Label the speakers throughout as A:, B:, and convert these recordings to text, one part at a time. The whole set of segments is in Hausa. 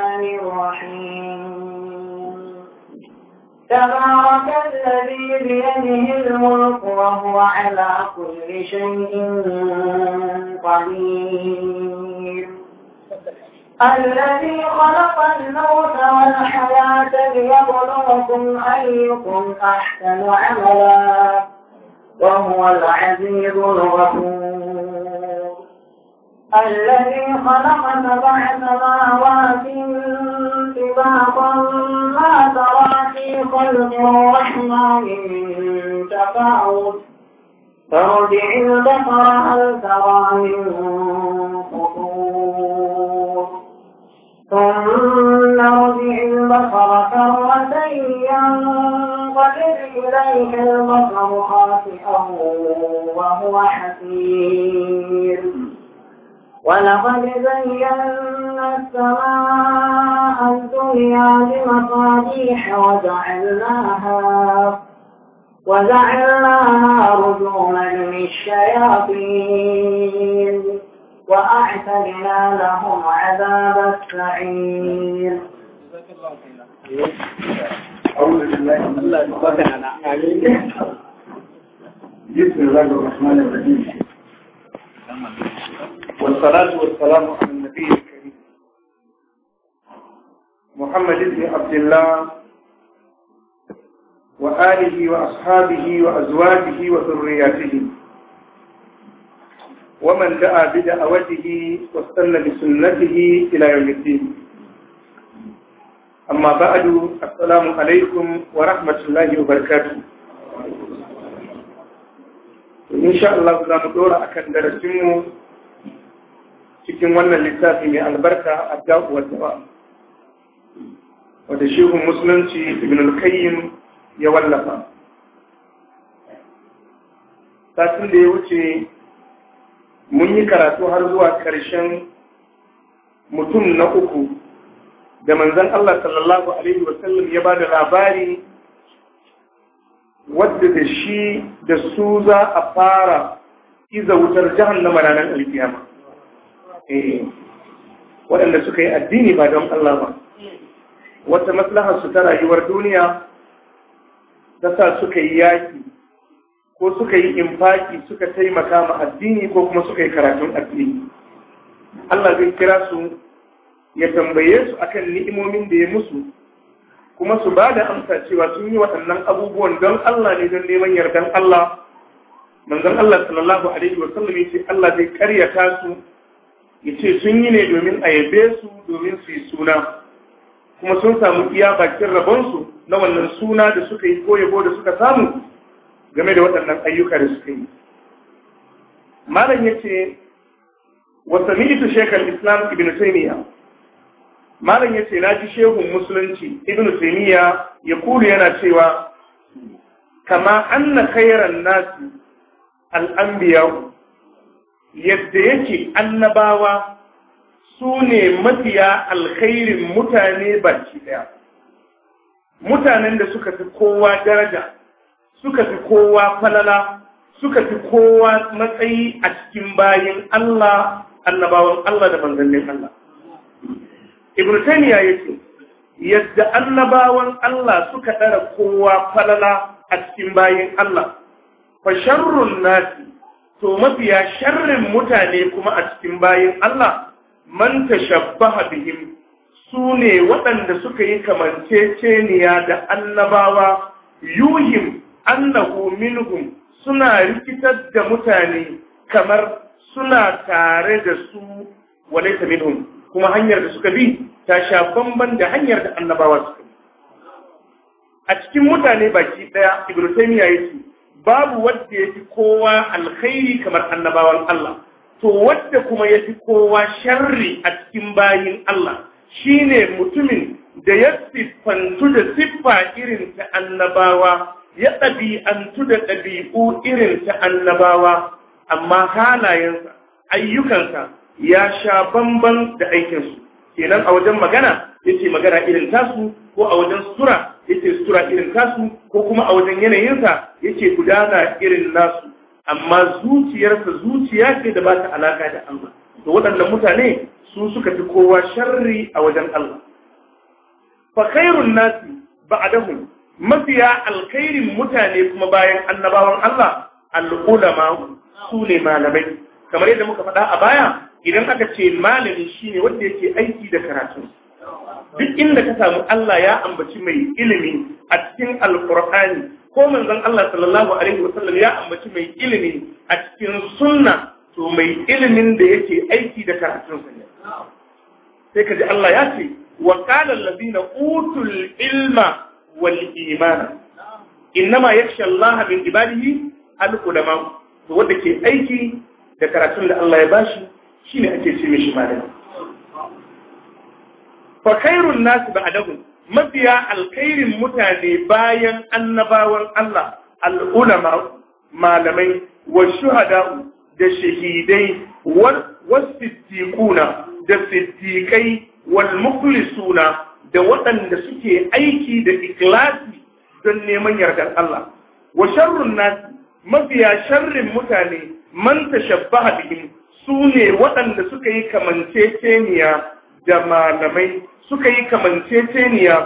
A: الرحيم تبارك الذي بيده الملك وهو على كل شيء قدير الذي خلق الموت والحياة ليبلوكم أيكم أحسن عملا وهو العزيز الغفور الذي خلق سبع سماوات سباقا ما ترى في خلق الرحمن من تفاوت فارجع البصر هل ترى من فطور ثم ارجع البصر كرتين ينقلب اليك البصر خاسئا وهو حسير ولقد زينا السماء الدنيا بمصابيح وجعلناها وجعلناها رجوما للشياطين وأعتدنا لهم عذاب السعير
B: أعوذ بالله من بسم الله الرحمن الرحيم
C: والصلاة والسلام على النبي الكريم محمد بن عبد الله وآله وأصحابه وأزواجه وذرياته ومن دعا بدعوته واستنى بسنته إلى يوم الدين أما بعد السلام عليكم ورحمة الله وبركاته إن شاء الله سلام دورة أكن درسمه cikin wannan littafi mai albarka a jaguwar dawa wadda shehun musulunci ibn al-qayyim ya wallafa satin da ya wuce mun yi karatu har zuwa ƙarshen mutum na uku da manzan Allah sallallahu alaihi wasallam ya ba da labari wadda da shi da su za a fara iza wutar na ranar alkiyama waɗanda suka yi addini ba don Allah ba wata maslahar su ta rayuwar duniya ta sa suka yi yaƙi, ko suka yi infaki suka taimaka ma addini ko kuma suka yi karatun addini Allah zai kira su ya tambaye su akan ni'imomin da ya musu kuma su ba da amsa cewa sun yi waɗannan abubuwan don Allah ne don neman yardan Allah manzon Allah sallallahu alaihi wa sallam yace Allah zai karyata su yace sun yi ne domin a yabe su domin su yi suna kuma sun samu iya bakin rabonsu na wannan suna da suka yi ko yabo da suka samu game da waɗannan ayyuka da suka yi malam yace wa sami'tu shaykh al-islam ibn taymiya malam yace na ji shehun musulunci ibnu taymiya ya kulu yana cewa kama anna khayran nasi al anbiyau yadda yake annabawa su ne mafiya alkhairin mutane baki ɗaya. Mutanen da suka fi kowa daraja, suka fi kowa falala, suka fi kowa matsayi a cikin bayin Allah, annabawan Allah da manzannin Allah. Ibn yake, yadda annabawan Allah suka ɗara kowa falala a cikin bayin Allah, fa sharrun nasi to mafiya sharrin mutane kuma a cikin bayin Allah man tashabbaha bihim su ne waɗanda suka yi kamanceceniya da annabawa yuhim annahu minhum suna rikitar da mutane kamar suna tare da su walaita minhum kuma hanyar da suka bi ta sha bamban da hanyar da annabawa suka bi a cikin mutane baki ɗaya ibnu taymiya yace babu wanda ya fi kowa alkhairi kamar annabawan Allah to wanda kuma ya fi kowa sharri a cikin bayin Allah shine mutumin da ya siffantu da siffa irin ta annabawa ya ɗabi'antu da ɗabi'u irin ta annabawa amma halayensa ayyukansa ya sha bamban da aikinsu kenan a wajen magana yace magana irin tasu ko a wajen sura yace sura irin tasu ko kuma a wajen yanayinsa yace gudana irin nasu amma zuciyarsa zuciya ce da ba ta alaka da Allah to waɗannan mutane su suka fi kowa sharri a wajen Allah fa khairun nasi ba'dahu mafiya alkhairin mutane kuma bayan annabawan Allah al-ulama su ne malamai kamar yadda muka faɗa a baya idan aka ce malamin shine wanda yake aiki da karatu duk inda ka samu Allah ya ambaci mai ilimi a cikin alkur'ani ko manzon Allah sallallahu alaihi wa sallam ya ambaci mai ilimi a cikin sunna to mai ilimin da yake aiki da karatun sa sai ka ji Allah ya ce wa qala allazina utul ilma wal imana innama yakhsha Allah min ibadihi al ulama to wanda ke aiki da karatun da Allah ya bashi shine ake ce mishi malami fa khairun nas ba'dahu mafiya alkhairin mutane bayan annabawan Allah al'ulama malamai wa shuhada'u da shahidai wa siddiquna da siddiqai wal mukhlisuna da waɗanda suke aiki da ikhlasi don neman yardar Allah wa sharrun nas mafiya sharrin mutane man tashabbaha bihim su ne waɗanda suka yi kamanceceniya da malamai suka yi kamanceceniya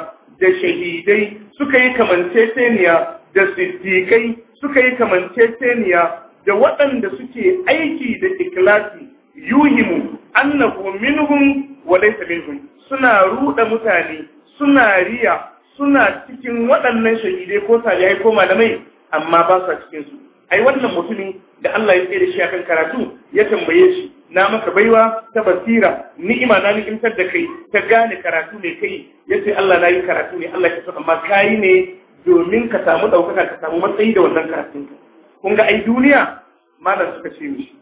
C: da shahidai suka yi kamanceceniya da siddiƙai suka yi kamanceceniya da waɗanda suke aiki da ikilasi yuhimu annahu minhum wa laysa minhum suna ruɗa mutane suna riya suna cikin waɗannan shahidai ko salihai ko malamai amma ba sa cikin su ai wannan mutumin da Allah ya tsere shi akan karatu ya tambaye shi na maka baiwa ta basira ni'ima na ni'imtar da kai ta gane karatu ne kai Ya ce Allah na yi karatu ne Allah ya so amma kai ne domin ka samu ɗaukaka ka samu matsayi da wannan karatun ka kun ga ai duniya malam suka ce mishi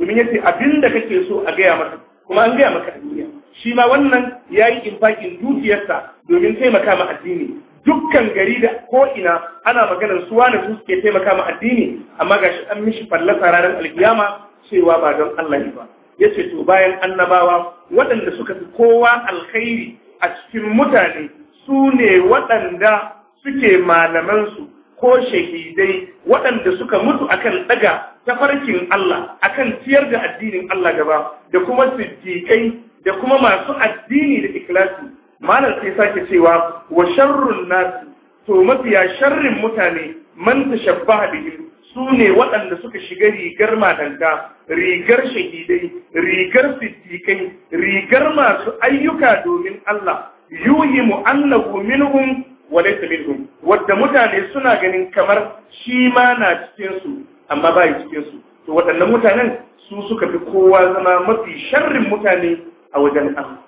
C: domin yace abin da kake so a gaya maka kuma an gaya maka a duniya shi ma wannan yayi infakin dukiyarsa domin taimaka ma addini dukkan gari da ko'ina ana maganar su wane su suke taimaka ma addini amma gashi an mishi fallasa ranar alkiyama cewa ba don Allah ba ya ce to bayan annabawa waɗanda suka fi kowa alkhairi a cikin mutane su ne waɗanda suke malamansu ko shahidai waɗanda suka mutu akan ɗaga tafarkin Allah akan ciyar da addinin Allah gaba da kuma siddiƙai da kuma masu addini da ikilasi malam sai sake cewa wa sharrun nasu to mafiya sharrin mutane man tashabbaha bihim su ne waɗanda suka shiga rigar matanka, rigar shahidai, rigar siddiƙai, rigar masu ayyuka domin Allah, yuhi mu'annahu minhum wa laysa minhum, wadda mutane suna ganin kamar shi ma na cikinsu, amma ba yi cikinsu. To waɗannan mutanen su suka fi kowa zama mafi sharrin mutane a wajen Allah.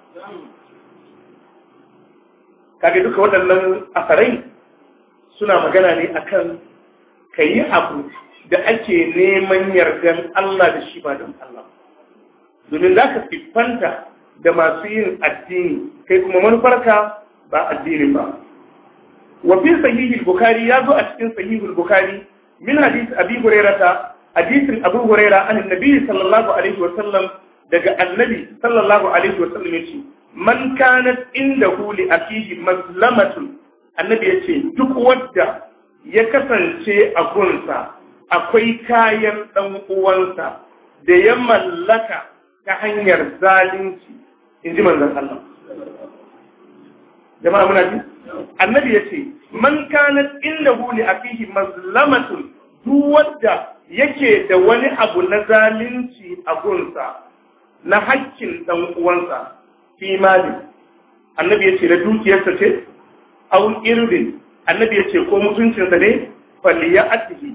C: Kage duka waɗannan asarai suna magana ne akan ka yi abu da ake neman yardan Allah da shi ba don Allah domin za ka siffanta da masu yin addini kai kuma manufarka ba addinin ba wafi fi sahihul bukhari ya zo a cikin sahihul bukhari min hadith abi hurairata hadisin abu huraira an annabi sallallahu alaihi wa sallam daga annabi sallallahu alaihi wa sallam yace man kanat indahu li akihi mazlamatun annabi yace duk wanda ya kasance a gunsa akwai kayan ɗan uwansa da ya mallaka ta hanyar zalunci in ji manzan Allah. Jama'a muna ji? Annabi ya ce, Man inda innahu a fihi mazlamatun duk wanda yake da wani abu na zalunci a gunsa na hakkin ɗan uwansa fi malin. Annabi ya ce da dukiyarsa ce, Aun irin. annabi ya ce ko mutuncinsa ne falli ya atihi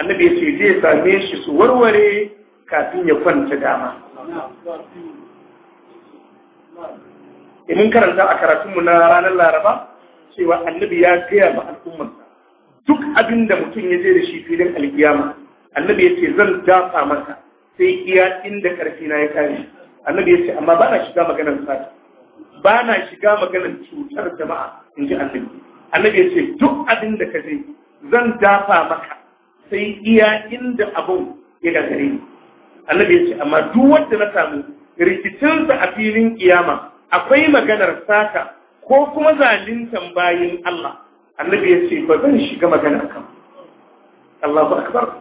C: annabi ya ce zai same shi su warware kafin ya kwanta dama mun karanta a karatunmu na ranar laraba cewa annabi ya gaya ma al'ummarsa duk abin da mutum ya je da shi filin alkiyama annabi ya ce zan dafa maka sai iya inda karfi na ya kare annabi ya ce amma ba na shiga maganar sata ba na shiga maganar cutar jama'a in ji annabi annabi ya ce duk abin da ka je zan dafa maka sai iya inda abin ya gagare ni annabi ya ce amma duk wanda na samu rikicinsa a filin kiyama akwai maganar saka ko kuma zalintan bayin Allah annabi ya ce ba zan shiga maganar ka Allahu akbar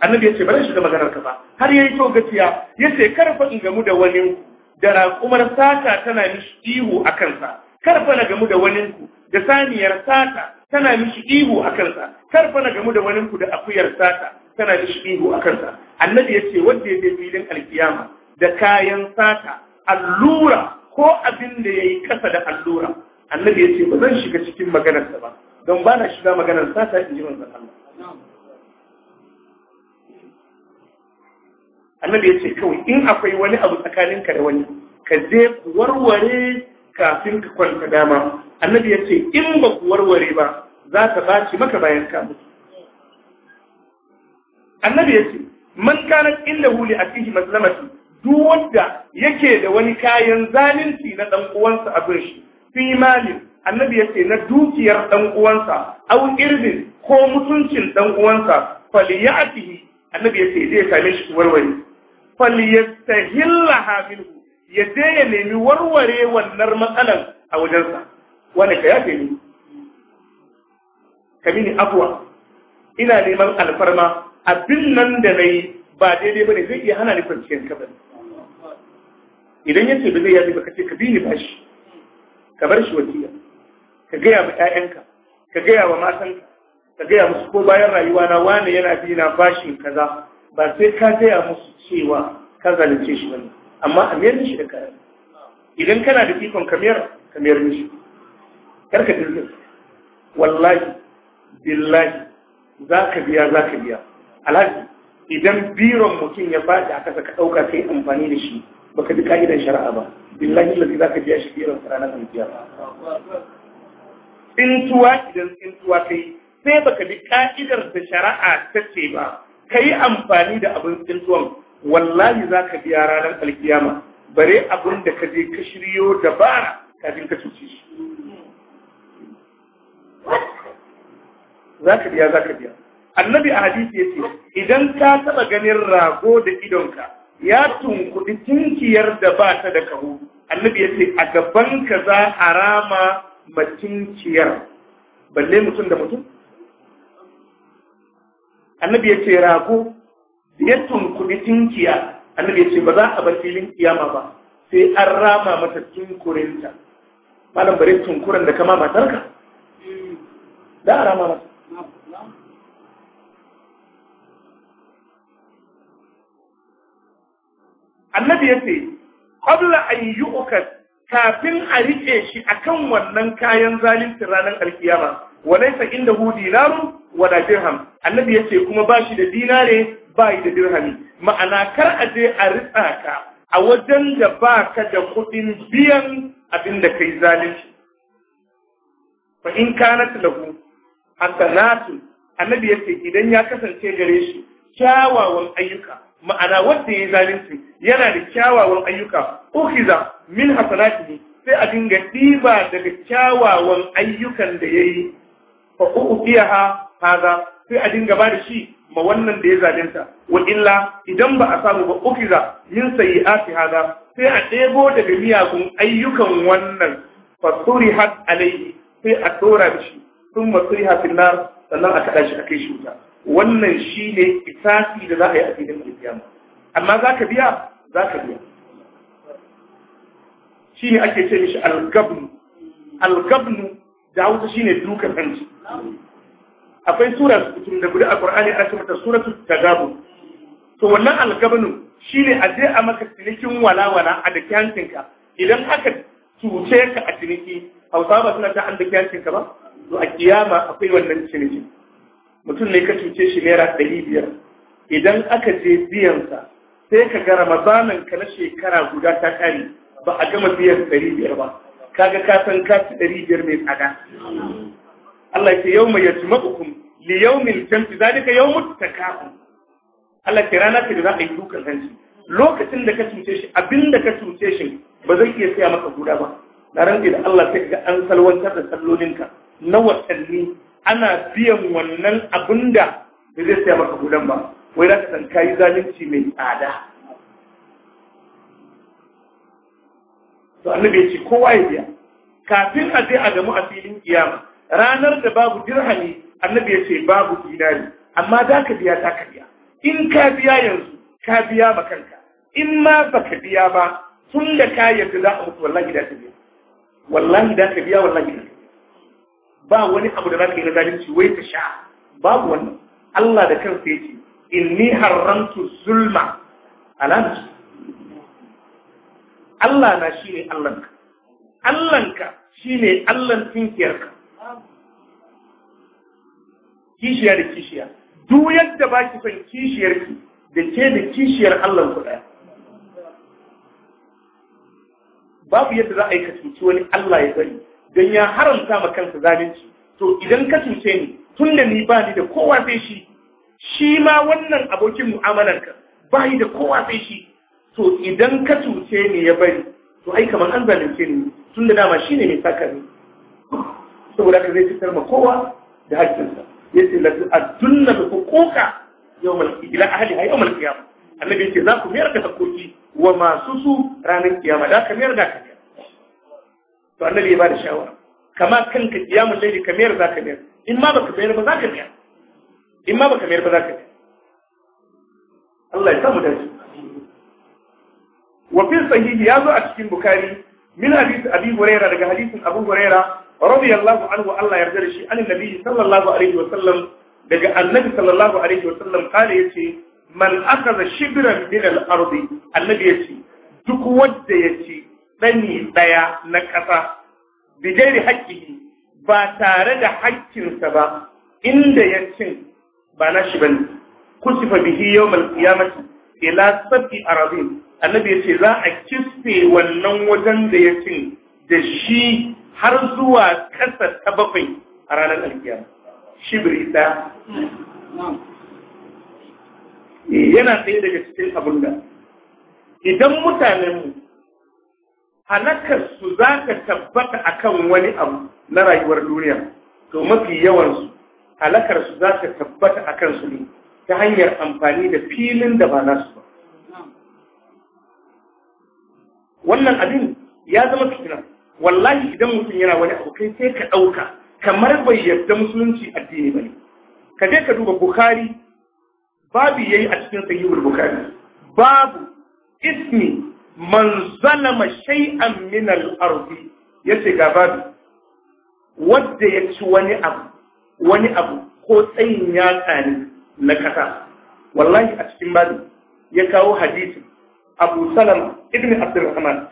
C: annabi ya ce ba zan shiga maganar ka ba har yayi to gaciya ya ce karfa in gamu da wani da raƙumar saka tana mishi ihu a kansa karfa na gamu da wani da saniyar sata tana mishi ihu a kansa kar fa gamu da wani ku da akuyar sata tana mishi ihu a kansa annabi yace wanda ya filin alkiyama da kayan sata allura ko abin da yayi kasa da allura annabi yace ba zan shiga cikin maganar ba don ba na shiga maganar sata in ji manzon Allah annabi yace kawai in akwai wani abu tsakaninka da wani ka je warware kafin ka kwanta dama annabi ya ce in ba ku warware ba za ta baci maka bayan ka mutu annabi ya ce man kana huli li cikin mazlamati duk wanda yake da wani kayan zalunci na dan uwansa a gurin shi fi malin annabi ya ce na dukiyar dan uwansa au ko mutuncin dan uwansa faliyatihi annabi ya ce zai same shi warware faliyastahilla minhu ya je ya nemi warware wannan matsalan a wajensa wani ka yafe ni ka mini afuwa ina neman alfarma abin nan da na yi ba daidai ba ne zai iya hana ni kwanciyar kabar idan ya ce ba zai yafe ba ka ce ka bi bashi ka bar shi wajiya, ka gaya wa 'ya'yanka, ka gaya wa matanka ka gaya musu ko bayan rayuwa na wane yana bina fashin kaza ba sai ka gaya musu cewa ka zalunce shi wannan amma a mayar shi da kayan idan kana da ikon kamiyar kamiyar mishi karka dirgin wallahi billahi za ka biya za ka biya alhaji idan biron mutum ya faɗi a kasa ka ɗauka ka yi amfani da shi baka bi ka'idan shari'a ba billahi lafi za ka biya shi biron ranar alfiya tsintuwa idan tsintuwa ka yi sai baka bi ka'idar da shari'a ta ce ba ka yi amfani da abin tsintuwan wallahi za ka biya ranar alkiyama bare abin da ka je ka shiryo dabara kafin ka cuce shi za ka biya za ka biya annabi a hadisi ya ce idan ka taɓa ganin rago da idonka ya tunkuɗi tunkiyar da ba ta da kaho annabi ya ce a gaban ka za a rama matunkiyar balle mutum da mutum annabi ya ce rago ya tunkuɗi tinkiya annabi ya ce ba za a bar filin kiyama ba sai an rama mata tunkurinta malam bare tunkuran da kama matarka da a rama mata annabi ya ce qabla an yu'kad kafin a rike shi akan wannan kayan zalunci ranar alkiyama walaysa indahu dinarun wala dirham annabi ya ce kuma ba shi da dinare ba yi da dirhami ma'ana kar a je a ritsa ka a wajen da ba ka da kuɗin biyan abin da kai zalunci fa in kanat lahu hasanatu annabi yace idan ya kasance gare shi kyawawan ayyuka ma'ana wanda ya zalunci yana da kyawawan ayyuka ukhiza min hasanatihi sai a dinga ɗiba daga kyawawan ayyukan da yayi fa uqiyaha haza sai a dinga ba da shi ma wannan da ya ta. wa illa idan ba a samu ba ukiza min sayyi'ati hada sai a ɗebo daga miyagun ayyukan wannan fasuri hat alaihi sai a tora da shi sun masuri hafin nar sannan a kaɗa shi a kai shi wuta wannan shi ne isafi da za a yi a filin alkiyama amma za ka biya za ka biya shi ne ake ce mishi algabnu algabnu da hausa shi ne dukan hanci akwai sura da guda a Qur'ani a ce mata suratu gabu. to wannan shi shine a je a maka cinikin walawala a daki idan aka cuce ka a ciniki hausa ba suna ta an daki ba to a kiyama akwai wannan ciniki mutum ne ka cuce shi naira ɗari biyar idan aka je biyan sa, sai ka ga ramazanin ka na shekara guda ta kare ba a gama biyan ɗari biyar ba kaga ka san ka ɗari biyar mai tsada Allah ke yau mai yaci maɓukun li yau mil jamfi za duka yau mutu ta kafin. Allah ke rana ce da za a yi dukan hanci. Lokacin da ka cuce shi abin da ka cuce shi ba zai iya siya maka guda ba. Na rantse da Allah sai ga an salwantar da sallolinka na watanni ana biyan wannan abin da ba zai siya maka gudan ba. Wai za ka san kayi zalunci mai tsada. To annabi ya ce kowa ya biya. Kafin a je a gamu a filin kiyama ranar da babu dirhami annabi ya ce babu dinari amma za ka biya za ka biya in ka biya yanzu ka biya ma kanka in ma ba ka biya ba tun da ka yadda za a mutu wallahi da ka biya wallahi da ka biya wallahi da ka biya ba wani abu da za ka yi na zalunci wai ka sha babu wannan Allah da kansa ya ce inni haramtu zulma ala Allah na shine Allahnka Allahnka shine Allahn tinkiyarka kishiya da kishiya duk yadda ba ki son kishiyar ki da ke da kishiyar Allah ku ɗaya babu yadda za a yi ka cuci wani Allah ya bari Dan ya haramta ma kansa zalunci to idan ka cuce ni tun da ni ba ni da kowa sai shi shi ma wannan abokin mu'amalar ka ba ni da kowa sai shi to idan ka cuce ni ya bari to ai kamar an zalunce ni tun da dama shine mai saka ni saboda ka zai fitar ma kowa da hakkinsa yace la tu'addunna bi huquqa yawm al-ila ahliha yawm al-qiyamah annabi yace za ku mayar da hakoki wa masu su ranar kiyama da ka mayar da ka to annabi ya bada shawara kama kanka kiyamul layli ka mayar za ka mayar in ma baka mayar ba za ka mayar in ma baka mayar ba za ka mayar Allah ya samu dace wa fi sahihi yazo a cikin Bukari, min hadith abi hurairah daga hadisin abu hurairah radiyallahu anhu Allah yarda da shi anin nabi sallallahu alaihi wa sallam daga annabi sallallahu alaihi wa sallam kale yace man akaza shibran min al-ardi annabi yace duk wanda yace dani ɗaya na ƙasa. bi gairi haƙƙi ba tare da haƙƙinsa ba inda ya cin ba na shi bane kusifa bihi yawmal qiyamati ila sabi arabin annabi yace za a kisfe wannan wajen da ya cin da shi har zuwa kasa ta bakwai a ranar alkiya shibiri eh, ɗaya yana tsaye daga cikin abin da idan mutanenmu halakarsu za ka tabbata a kan wani abu na rayuwar duniya to mafi yawansu halakarsu za ka tabbata a kansu ne ta hanyar amfani da filin da ba nasu ba wannan abin ya zama fitina wallahi idan mutum yana wani abu kai sai ka ɗauka kamar bai yarda musulunci addini ba ne ka je ka duba bukari, babu yayi a cikin sahihul bukari. babu ismi man zalama shay'an min al-ardi yace ga babu wanda ya ci wani abu wani abu ko tsayin ya tsani na kasa wallahi a cikin babu ya kawo hadisi Abu Salama ibn Abdurrahman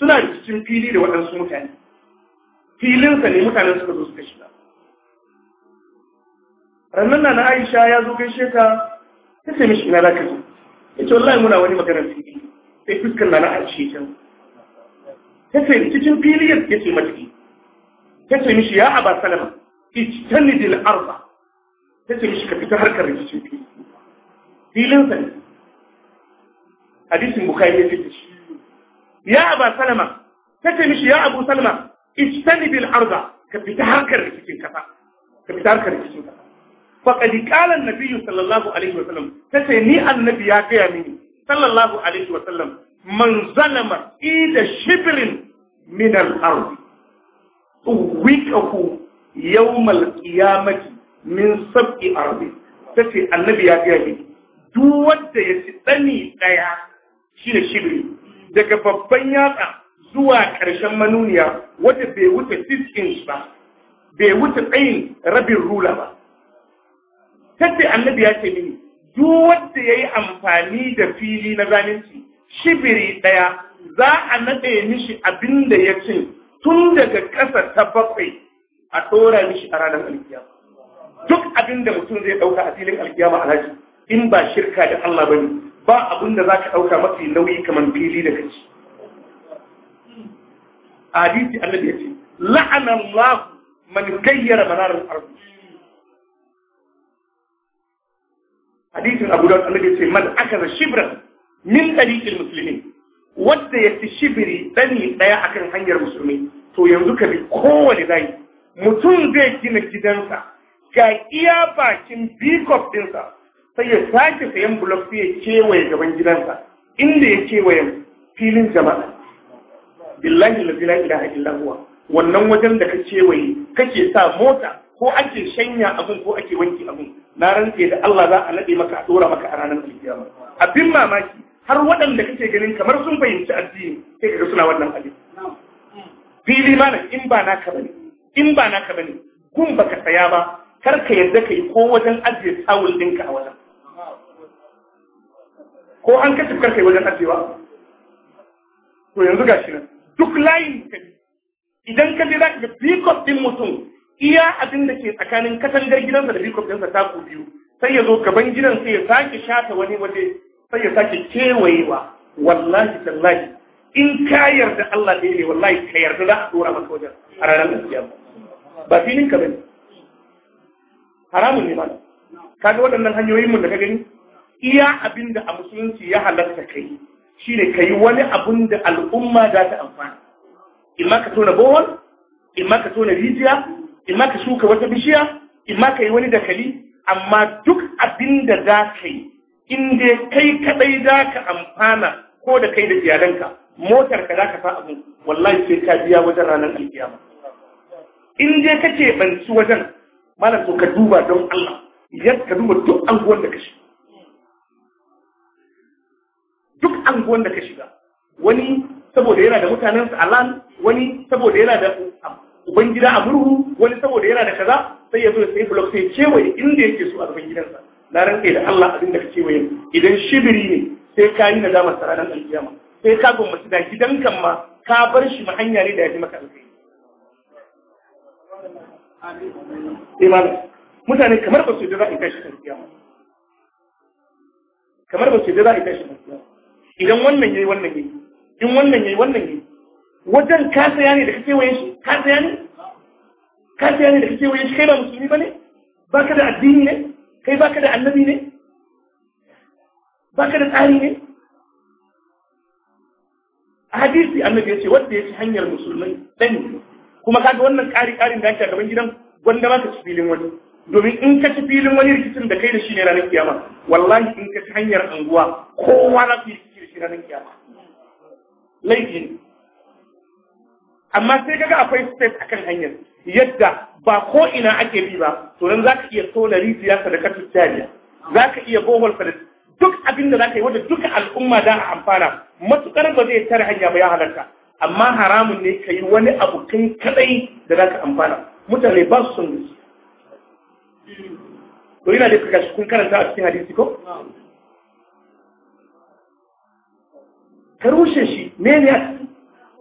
C: suna da cikin fili da waɗansu mutane filinsa ne mutanen suka zo suka shiga rannan na aisha ya zo gaishe ta ta ce mishi ina za ka zo ya ce wallahi muna wani maganar fili sai fuskar na na aisha can ta ce cikin fili ya ce mata ta ce mishi ya aba salama dil arba ta ce mishi ka fita harkar rikicin fili filinsa ne hadisin bukai ya fita shi ya aba salama ta ce mishi ya abu salama istanibil arda ka fita harkar rikicin kasa ka fita harkar rikicin kasa faqad qala an-nabiy sallallahu alaihi wa sallam tace ni annabi ya gaya mini sallallahu alaihi wa sallam man zalama ida shibrin min al-ard wikahu yawm al-qiyamati min sab'i ardi tace annabi ya gaya mini duk wanda ya ci dani daya shine shibri daga babban yatsa zuwa ƙarshen manuniya wadda bai wuce 6 inch ba bai wuce tsayin rabin rula ba tace annabi ya ce mini duk wanda yayi amfani da fili na zalunci shibiri ɗaya za a naɗe mishi abin da ya ce tun daga ƙasa ta bakwai a ɗora mishi a ranar alkiyama duk abin da mutum zai ɗauka a filin alkiyama alhaji in ba shirka da Allah bane ba abin da za ka ɗauka mafi nauyi kamar fili da kaci hadisi annabi ya ce la'ana Allah man gayyara manarar arzu hadisin Abu Dawud annabi ya ce man da shibran min tariqil muslimin wanda ya ci shibiri ɗani ɗaya akan hanyar musulmi to yanzu ka bi kowane layi mutum zai gina gidansa ga iya bakin bikof ɗinsa. sai ya sake sayan bulok sai ya kewaye gaban gidansa inda ya kewaye filin jama'a billahi la ilaha illa huwa wannan wajen da ka kewaye kake sa mota ko ake shanya abun ko ake wanki abun na rantse da Allah za a nade maka a dora maka a ranar kiyama abin mamaki har waɗanda kake ganin kamar sun fahimci addini sai kaga suna wannan abin fili mana in ba naka bane in ba naka bane kun baka saya ba kar ka yarda ka yi ko wajen ajiye tawul dinka a wajen ko an kashe karkai wajen ajewa to yanzu ga shi nan duk layin ka idan ka je za ka ga bikof din mutum iya abin da ke tsakanin katangar gidansa da bikop ɗinsa ku biyu sai ya zo gaban gidan sai ya sake shata wani waje sai ya sake kewayewa wallahi tallahi in ka yarda Allah ɗaya ne wallahi ka yarda za a tsora maka wajen a ranar gaskiya ba filin ka bane haramun ne ba kaga waɗannan hanyoyin mu da ka gani iya abin da a musulunci ya halarta kai shi ne ka yi wani abin da al'umma za ta amfana Ima ka tona bohol ima ka tona rijiya ima ka shuka wata bishiya ima ka yi wani dakali amma duk abin da za ka yi in dai kai kaɗai za ka amfana ko da kai da iyalanka motar ka za ka sa abin wallahi sai ka biya wajen ranar alkiyama in dai ka ce banci wajen malam to ka duba don Allah yadda ka duba duk anguwar da ka shi anguwan da ka shiga wani saboda yana da mutanen sa alan wani saboda yana da ubangida a murhu wani saboda yana da kaza sai ya zo sai blok sai kewaye inda yake so a gaban gidansa na ranka da Allah abin da ka kewaye idan shibiri ne sai ka yi nadamar sa ranar alkiyama sai ka gwammaci da gidan kan ma ka bar shi ma hanya ne da ya fi maka alkai eh, mutane kamar ba su yi da za a yi tashi alkiyama kamar ba su yi da za a yi tashi alkiyama idan wannan yayi wannan yayi in wannan yayi wannan yayi wajen ka saya ne da kake waye shi ka saya ne ka saya ne da kake waye shi kai ba musulmi bane baka da addini ne kai baka da annabi ne baka da tsari ne hadisi annabi ya ce wanda ya ci hanyar musulmai ɗani kuma kaga wannan ƙari ƙarin da ake a gaban gidan gwanda ba ka ci filin wani domin in ka ci filin wani rikicin da kai da shi ne ranar kiyama wallahi in ka ci hanyar anguwa kowa na fi shi ranar kiyama laifi amma sai kaga akwai space akan hanyar yadda ba ko ina ake bi ba to nan ka iya tona rijiya sadakatu jariya ka iya bohol da duk abin da ka yi wadda duka al'umma da a amfana matukar ba zai tare hanya ba ya halarta amma haramun ne ka yi wani abu kai kadai da za ka amfana mutane ba su son gaske to ina da karanta a cikin hadisi ko ka rushe shi me ne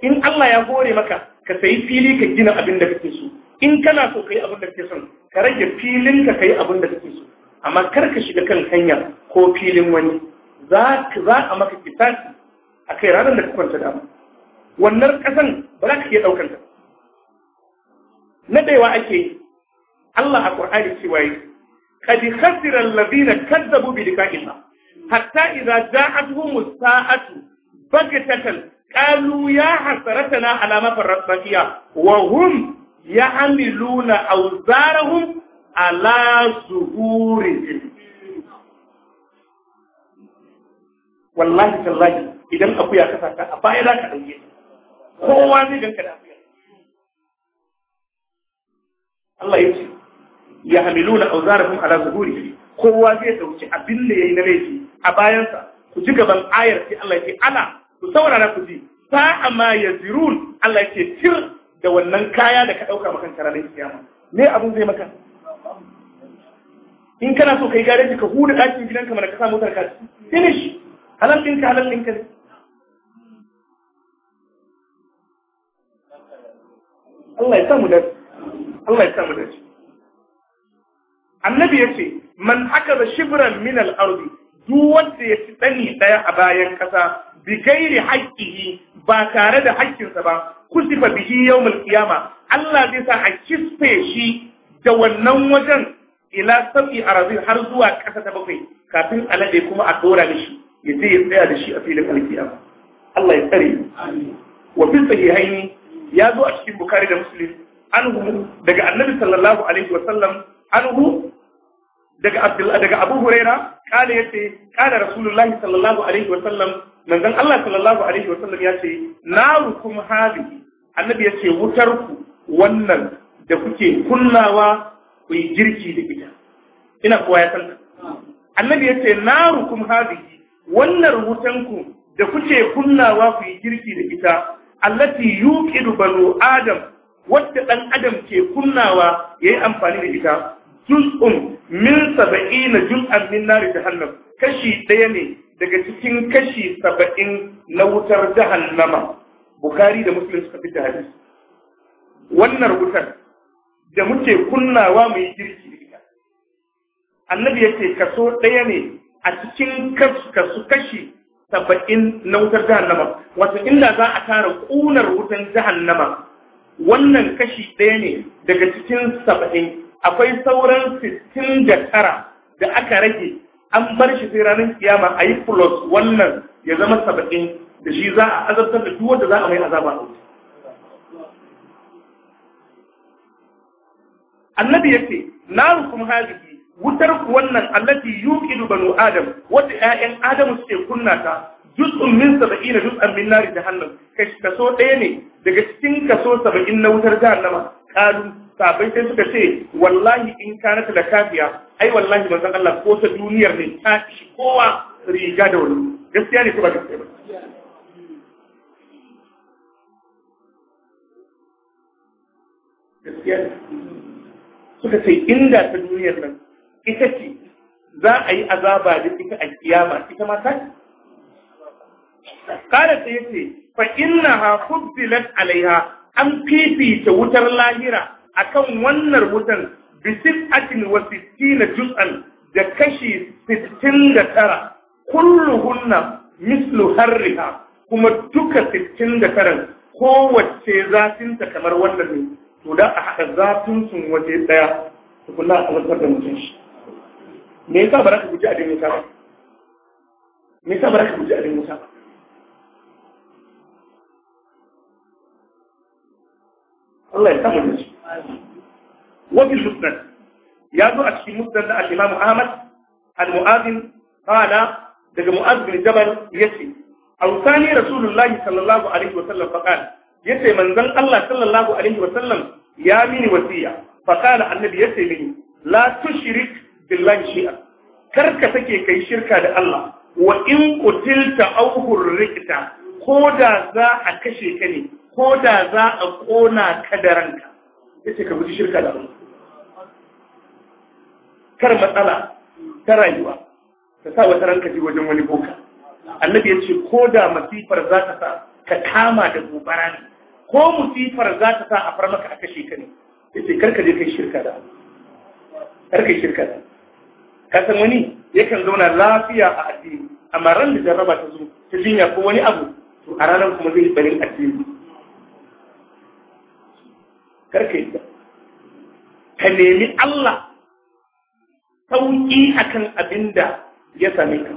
C: in Allah ya gore maka ka sayi fili ka gina abin da kake so in kana so kai abin da kake son ka rage filin ka kai abin da kake so amma kar ka shiga kan hanya ko filin wani za za a maka kitasi a kai ranar da ka kwanta dama wannan kasan ba za ka iya ɗaukar ta nadewa ake yi Allah a Qur'ani cewa yi قد خسر الذين كذبوا بلقاء الله حتى إذا جاءتهم الساعة bagtatan qalu ya hasaratana ala ma farrasiya wa hum ya'miluna awzarahum ala zuhurihim wallahi tallahi idan akuya ka saka a baya za ka dauke kowa zai ganka da akuya Allah ya ce ya hamiluna awzarahum ala zuhurihim kowa zai dauki abin da yayi na laifi a bayansa ku ji gaban ayar sai Allah ya ce ala ku saurara ku ji sa'a ma yazirun Allah ke tir da wannan kaya da ka ɗauka dauka maka ranar kiyama me abun zai maka in kana so kai gareji ka huda ɗakin gidanka mana ka sa motar ka finish halal ɗinka halal ɗinka ne Allah ya samu dace Allah ya samu dace Annabi ya ce man haka da shibran min al-ardi duk wanda ya ci ɗani ɗaya a bayan ƙasa. bi gairi haƙƙihi ba tare da haƙƙinsa ba kusifa bihi yawmul qiyama Allah zai sa a kisfe shi da wannan wajen ila sabi arazin har zuwa ƙasa ta bakwai kafin alade kuma a dora mishi ya je ya tsaya da shi a filin alkiyama Allah ya tsare wa fi sahihaini ya zo a cikin bukari da muslim anhu daga annabi sallallahu alaihi wa sallam anhu daga abdul daga abu huraira kana yace kana rasulullahi sallallahu alaihi wa sallam manzon Allah sallallahu alaihi Sallam ya ce narukum hadi annabi ya ce wutar ku wannan da kuke kunnawa ku yi girki da ita ina kowa ya san annabi ya ce narukum hadi wannan wutan ku da kuke kunnawa ku yi girki da ita allati yuqidu banu adam wadda dan adam ke kunnawa yayi amfani da ita juz'un min saba'ina juz'an min nari jahannam kashi daya ne daga cikin kashi saba'in na wutar jahannama bukari da muslim suka fi hadisi wannan wutar da muke kunnawa mu yi girki da ita annabi yace kaso ɗaya ne a cikin kasu kashi saba'in na wutar jahannama wato inda za a tara ƙunar wutar jahannama wannan kashi ɗaya ne daga cikin saba'in akwai sauran sittin da tara da aka rage an bar shi sai ranar kiyama a yi plus wannan ya zama saba'in da shi za a azabtar da duk wanda za a mai azaba a wuce annabi ya ce na narukum haliki, wutar ku wannan allati yuqidu banu adam wata 'ya'yan adamu suke kunna ta jutsun min da jutsun min nari jahannam kaso ɗaya ne daga cikin kaso saba'in na wutar jahannama qalu Sabai sai suka ce wallahi in kana ta da kafiya ai wallahi manzon Allah ko ta duniyar ne ta shi kowa riga da wani gaskiya ne ko ba gaskiya ba gaskiya suka ce inda ta duniyar nan ita ce za a yi azaba da ita a kiyama ita ma ta kada ta yace fa innaha fuddilat alaiha an fifita wutar lahira akan wannan wutan bisit atin wa sittina juz'an da kashi sittin da tara kulluhunna mislu harriha kuma duka sittin da tara kowace zafinta kamar wannan ne to da a haka zafin sun waje ɗaya tukunna a azabtar da mutum shi me yasa ba za ka guji a wuta ba me yasa ba za ka guji abin wuta ba Allah ya samu da shi وفي المسند يادو أشكي مسند الإمام أحمد المؤذن قال دقى مؤذن الجبل يسي أو ثاني رسول الله صلى الله عليه وسلم فقال يسي من ذن الله صلى الله عليه وسلم يا مني وسيا فقال النبي يسي مني لا تشرك بالله شيئا كرك تكي كي شركة الله وإن قتلت أو هرقت ko ذا أكشي كني kashe ذا أقونا كدرنك ya ce ka guji shirka da kar matsala ta rayuwa ta sa wata ranka ji wajen wani boka annabi ya ce ko da masifar za ta sa ka kama da gobara ne ko musifar za ta sa a far maka a kashe ka ne ya ce ka je kai shirka da kar kai shirka da ka san wani yakan zauna lafiya a addini amma ran da jarraba ta zo ta jinya ko wani abu to a ranar kuma zai barin addini karka yi ka nemi Allah sauƙi akan abin da ya same ka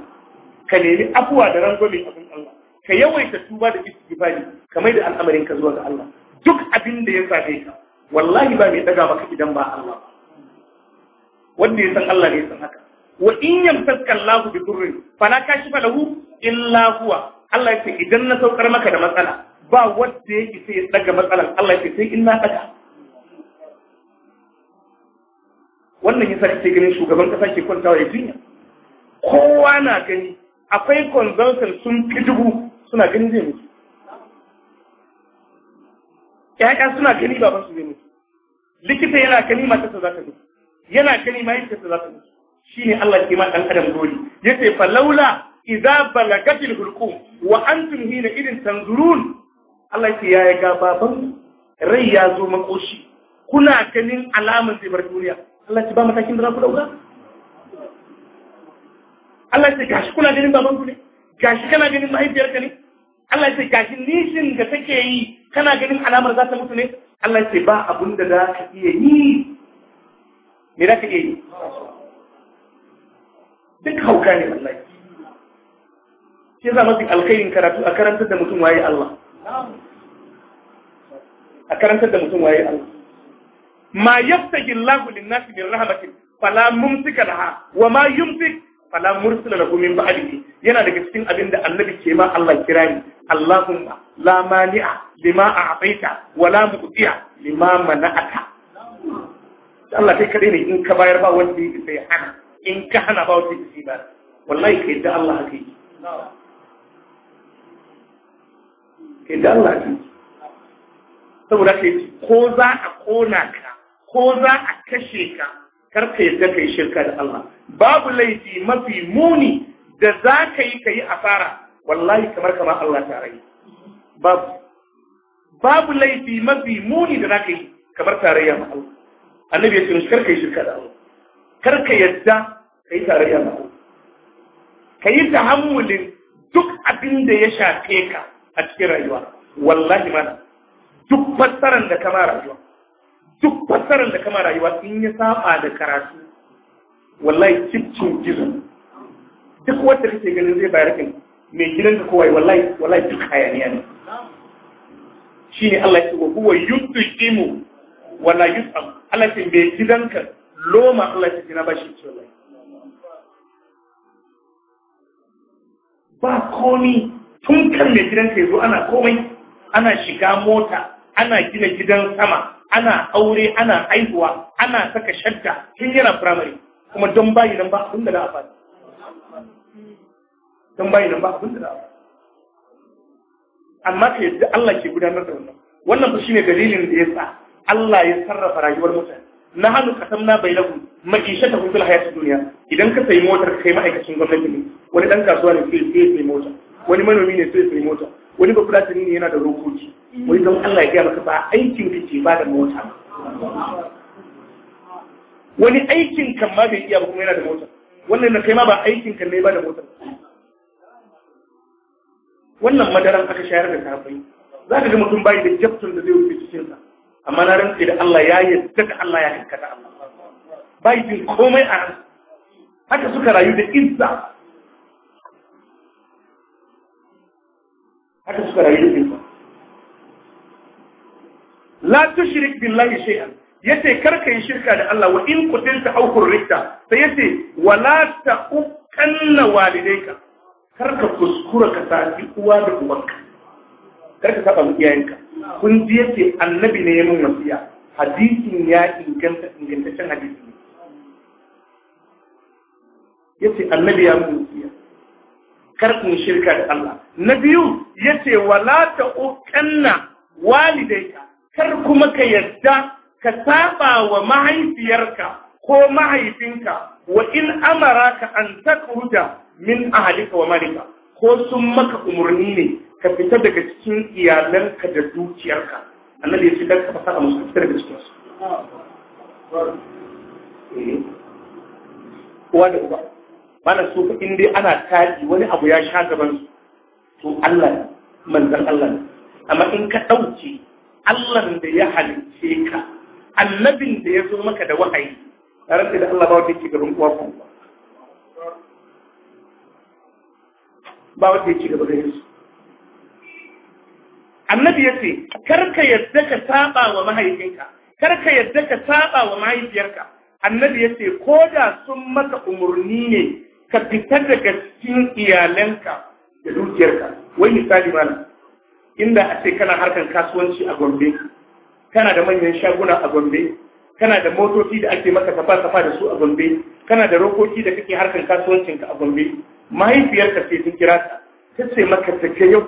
C: ka nemi afuwa da rangwame abin Allah ka yawaita tuba da istighfari ka mai da al'amarin ka zuwa ga Allah duk abin da ya same ka wallahi ba mai daga ka idan ba Allah ba wanda ya san Allah ne ya san haka wa in yamsaka Allahu bi durrin fala kashifa lahu illa huwa Allah ya ce idan na saukar maka da matsala ba wanda yake sai ya daga matsalan Allah ya ce sai in na daga wannan yasa kake ganin shugaban kasa ke kwantawa ya jinya kowa na gani akwai consultant sun fi dubu suna gani zai mutu ƴaƴa suna gani baban su zai mutu likita yana gani matarsa za ta mutu yana gani mahaifiyarsa za ta mutu shine Allah ke ma dan adam Ya yace fa laula idza balagatil hulqum wa antum hina idin tanzurun Allah ya ya ga baban rai ya zo makoshi kuna ganin alamar zai bar duniya Allah ci ba matakin da za ku dauka Allah ce gashi kuna ganin baban ku ne gashi kana ganin ka ne Allah ce gashi nishin ga take yi kana ganin alamar za ta mutu ne Allah ce ba abun da za ka iya yi me za ka iya yi duk hauka ne wallahi ke za mafi alkhairin karatu a karantar da mutum waye Allah a karantar da mutum waye Allah ma yaftahi Allahu lin-nasi min rahmatin fala mumsika laha wa ma yumsik fala mursila lahu min ba'dihi yana daga cikin abinda da annabi ke ma Allah kirani Allahumma la lima a'taita wa la mu'tiya lima mana'ata kai kadai ne in ka bayar ba wanda yake sai hana in ka hana ba wanda yake ba wallahi kai da Allah haka yi kai Allah haka yi saboda kai ko za a kona ka ko za a kashe ka kar ka yadda kai shirka da Allah babu laifi mafi muni da za ka yi ka yi asara wallahi kamar kama Allah ta yi babu babu laifi mafi muni da za ka yi kamar tarayya ma Allah annabi ya ce kar ka yi shirka da Allah kar ka yadda ka yi tarayya ma Allah ka yi tahammulin duk abin da ya shafe ka a cikin rayuwa wallahi mana duk fassarar da kama rayuwa duk fassarar da kama rayuwa in ya saba da karatu wallahi cikin gizo duk wanda kake ganin zai bayar kan mai gidan ka kowai wallahi wallahi duk hayaniya ne ne Allah ya ce wa huwa imu wala yus'am Allah ce mai gidan ka loma Allah ya ce na bashi ce wallahi ba komi tun kan mai gidan ka yazo ana komai ana shiga mota ana gina gidan sama ana aure ana haihuwa ana saka shadda tun yana firamare kuma don bayi nan ba abin da za don bayi nan ba abin da za amma ka yadda Allah ke gudanar da wannan wannan ba shine dalilin da ya sa Allah ya sarrafa rayuwar mutane na hannu ka na bai lagu ma'isha ta hukul hayatu duniya idan ka sayi motar kai ma'aikacin gwamnati ne wani dan kasuwa ne sai sai mota wani manomi ne sai sai mota wani bafulatani ne yana da rokoki wani don Allah ya gaya maka ba aikin ka ke ba da mota ba wani aikin kan ma bai iya ba kuma yana da mota wannan na kai ma ba aikin kan ne ba da mota wannan madaran aka shayar da kafai za ka ga mutum bayi da jaftun da zai wuce cikinsa amma na rantsi da Allah ya yadda da Allah ya kankata Allah bai jin komai a haka suka rayu da izza haka suka rayu dukinsa la tushrik billahi shay'an yace karka yi shirka da Allah wa in kutinta aw kurrita sai yace wala taqanna walidayka karka kuskura ka sati uwa da ubanka karka saba mu iyayenka kun ji yace annabi ne ya mun wasiya hadisin ya inganta ingantaccen hadisi ne yace annabi ya mun wasiya kar ku shirka da Allah na biyu yace wala ta uqanna walidayka kar kuma ka yadda ka saba wa mahaifiyarka ko mahaifinka wa in ka an takhruja min ahalika wa malika ko sun maka umarni ne ka fita daga cikin iyalanka da dukiyarka annabi ya ce ka fasa musu fita daga cikin su
B: ah.
C: eh. da uba mana su in dai ana taɗi wani abu ya sha gaban su to Allah manzan Allah amma in ka dauke Allah da ya halice ka annabin da ya zo maka da wahayi tare da Allah ba wanda yake gaban kowa ba wanda yake gaban gare su annabi ya ce karka yadda ka saba wa mahaifinka karka yadda ka saba wa mahaifiyarka annabi ya ce ko da sun maka umarni ne ka fitar daga cikin iyalanka da dukiyarka wai misali mana inda a ce kana harkar kasuwanci a gombe kana da manyan shaguna a gombe kana da motoci da ake maka safa safa da su a gombe kana da rokoki da kake harkar kasuwancinka a gombe mahaifiyarka ce ta kira ta ta ce maka ke yau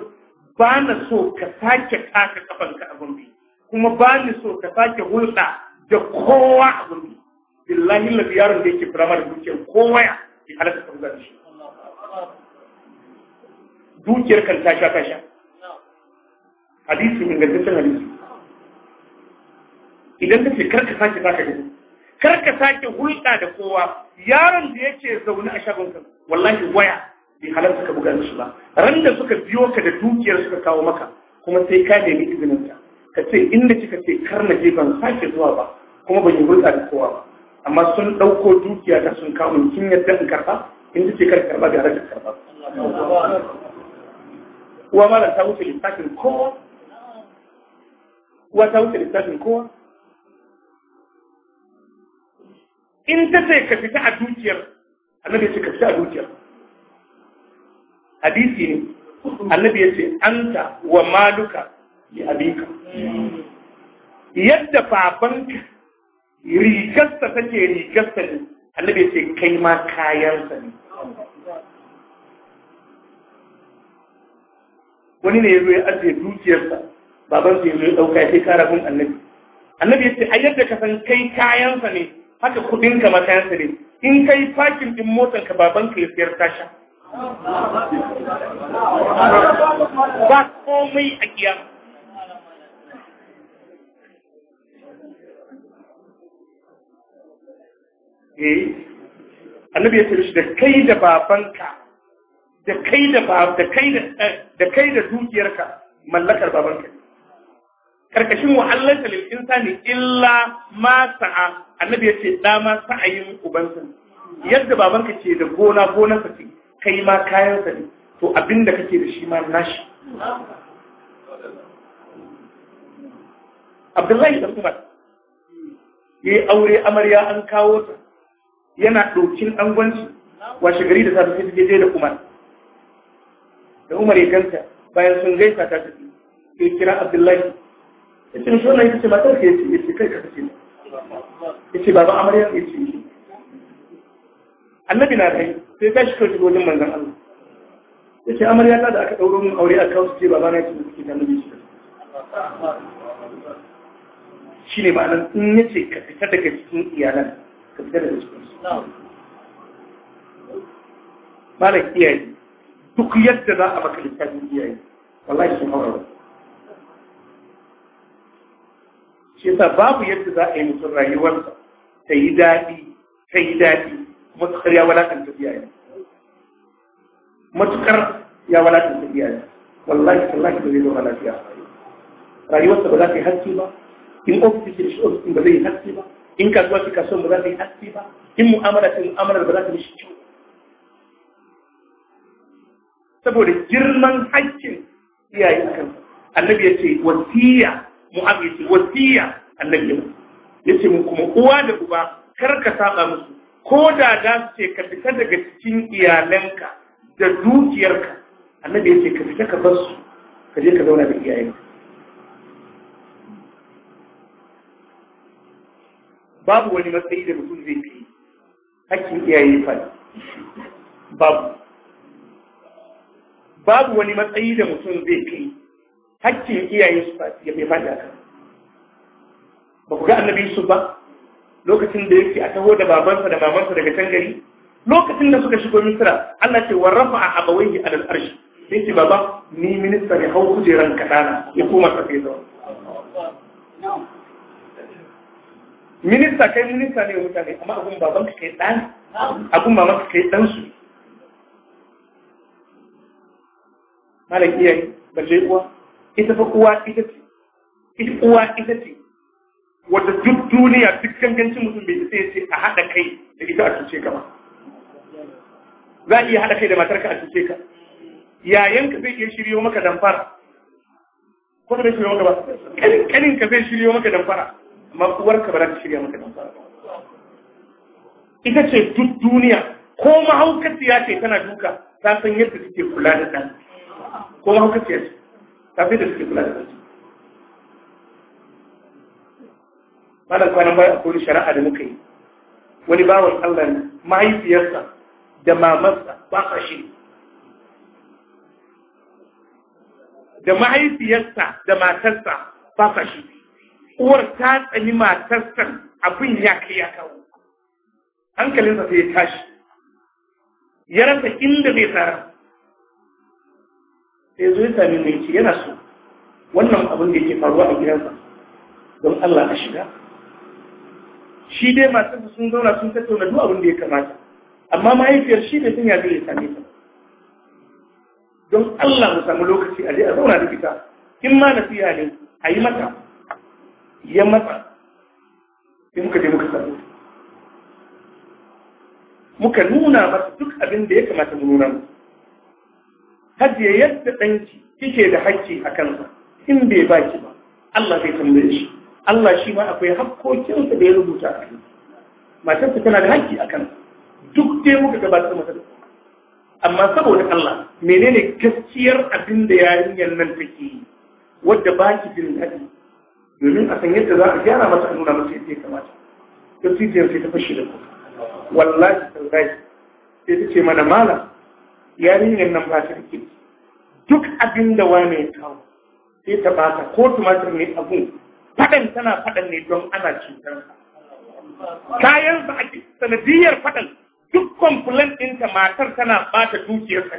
C: ba na so ka sake kaka kafanka a gombe kuma ba ni so ka sake hulɗa da kowa a gombe billahi labiyarin da yake firamar dukiyar kowa ya bi ka dukiyar kan ta idan ce karka sake ka karka sake hulɗa da kowa yaron da yake zaune a shagon kan wallahi waya bai halarta ka buga musu ba ran da suka biyo ka da dukiyar suka kawo maka kuma sai ka nemi izinin ta ka ce inda kika ce kar na je ban sake zuwa ba kuma ban yi hulɗa da kowa amma sun ɗauko dukiya ta sun kawo sun yadda in karɓa in ji ce kar karɓa gara da karɓa uwa malam ta wuce lissafin kowa wa ta wuce littafin kowa in ta ce ka fita a dukiyar annabi ce ka fita a dukiyar hadisi ne annabi ya ce anta wa maluka li abika hmm. yadda babanka rigarsa take rigarsa ne annabi ce kai ma kayansa ne wani ne ya zo ya ajiye dukiyarsa baban ya zo ya dauka ya ce kara bin annabi annabi ya ce a yadda ka san kai kayansa ne haka kuɗin ka ma kayansa ne in kai fakin ɗin motar ka baban ka ya siyar tasha ba komai a kiyama eh annabi ya ce da kai da babanka da kai da dukiyarka mallakar babanka karkashin insani illa ma sa'a annabi ya ce da ma sa'ayin ubansa yadda babanka ke da gona gonarsa ce kai ma kayansa ne to abinda kake da shi ma nashi Abdullahi da kuma, ya yi aure amarya an kawo ta yana ɗokin angwanci washe gari da safe suke je da Umar da Umar ya ganta bayan sun gaisa ta tafi sai kira Abdullahi ya ce shi wannan ita ce matar ka ya ce kai ka kace ya ce baba amarya ya ce annabi na kai sai ta shi kawai wajen manzan Allah ya ce amarya ta da aka ɗauro min aure a kawo su ce baba na ce suke da shi shi ne ma'anar in ya ce ka fita daga cikin iyalan مالك إياه تقيت ذا أبك الكلمة إياه والله سبحانه شيطة باب يتذا أين سرى يوالك سيداتي سيداتي مدخر يا ولا أنت بيائي مدخر يا ولا أنت بيائي والله سبحانه بذيذ ولا تياه رأي وصف ذاتي هاتيبا إن أبتسرش أبتسر بذيذ هاتيبا in kasuwa ce kasuwa ba za ta yi haske ba in mu'amala ce mu'amalar ba za ta mishi kyau saboda girman haƙƙin iyaye a annabi ya ce wasiya mu'ab ya ce wasiya annabi ya ce mu kuma uwa da uba kar ka saba musu ko da za su ce ka fita daga cikin iyalanka da dukiyarka annabi ya ce ka fita ka bar su ka je ka zauna da iyayenka babu wani matsayi da mutum zai fi hakkin iyaye fal babu babu wani matsayi da mutum zai fi hakkin iyaye su fati ya mai fada ka ba ku ga annabi su ba lokacin da yake a taho da babansa da mamansa daga can gari lokacin da suka shigo misira Allah ce wa rafa'a abawaihi alal arshi sai ce baba ni minista ne hau kujeran kadana ya koma tafe zaune minista kai minista ne mutane amma abin baban ka kai ɗan abin ba maka kai ɗan su malam iyaye balle uwa ita fa uwa ita ce ita uwa ita ce wata duk duniya duk gangancin mutum bai sai ce a haɗa kai da ita a cuce ka ba za a iya haɗa kai da matarka a cuce ka ka zai iya shiryo maka damfara ko da bai shiryo maka ba ƙanin ka zai shiryo maka damfara amma ka ba ta shirya maka damfara ba ita ce duk duniya ko mahaukaciya ce tana duka ta san yadda suke kula da ɗan ko mahaukaciya ce ta fi da suke kula da ɗan malam kwanan baya akwai shari'a da muka yi wani bawan Allah mahaifiyarsa da mamarsa ba a shi da mahaifiyarsa da matarsa ba a shi uwar ta tsani matar san abin ya kai ya kawo hankalinsa sai ya tashi ya rasa inda zai tsara sai zo ya sami mai ce yana so wannan abin da yake faruwa a gidansa don Allah a shiga shi dai matarsa sun zauna sun tattauna duk abin da ya kamata amma mahaifiyar shi bai san ya zai same ta don Allah mu samu lokaci a je a zauna da ita in ma nasiha ne a yi mata ya matsa sai muka je muka sami muka nuna masa duk abin da ya kamata mu nuna masa ya yadda ɗanki kike da hakki a kansa in bai baki ba Allah zai tambaye shi Allah shi ma akwai hakkokinsa da ya rubuta a kansa matarsa tana da hakki a kansa duk dai muka gabatar masa da amma saboda Allah menene gaskiyar abin da yarinyar nan take yi wadda baki jin daɗi domin a san yadda za a gyara masa nuna masa yadda ya kamata ta tijiyar sai ta fashe da ku wallahi tallahi sai ta ce mana mala yarinyar nan ba ta da duk abin da wani ya kawo sai ta bata ko tumatir ne abun fadan tana fadan ne don ana cutar kayan ba a ke sanadiyar fadan duk kwamfulan ɗinta matar tana bata dukiyar sa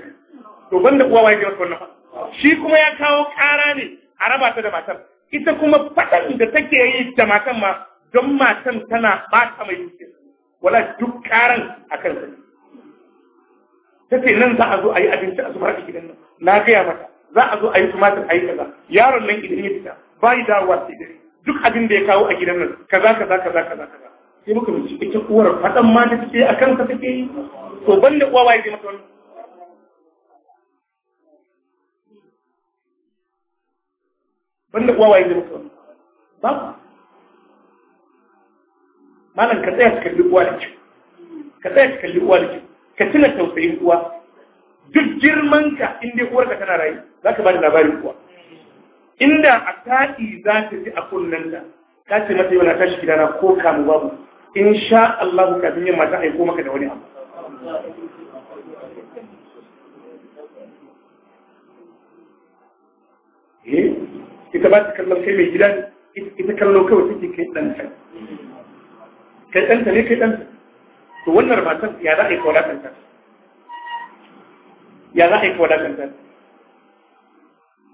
C: to banda uwa wai ga wannan shi kuma ya kawo ƙara ne a rabata da matar ita kuma fatan da take yi da matan ma don matan tana ta mai zuciya wala duk karan a kan sa ta ce nan za a zo a yi abinci a zubar da gidan nan na gaya mata za a zo a yi tumatir a yi kaza yaron nan idan ya fita ba yi dawowa sai dare duk abin da ya kawo a gidan nan kaza kaza kaza kaza kaza sai muka mace ita uwar fatan ma da take a kan ka take yi to banda uwa waye zai mata wannan banda uwa waye zai maka ba babu malam ka tsaya ka kalli uwa da kyau ka tsaya ka kalli uwa da kyau ka tuna tausayin uwa duk girman ka in dai uwarka tana rayu za ka ba da labarin uwa inda a taɗi za ta ji a kunnen ta ka ce mata yau na tashi gidana ko kamu babu in sha Allah kafin yin mata aiko maka da wani abu eh ita ba ta kallon kai mai gida ita kallo kawai take kai ɗanta kai ɗanta ne kai ɗanta to wannan matan ya za a yi kawai ɗanta ya za a yi kawai ɗanta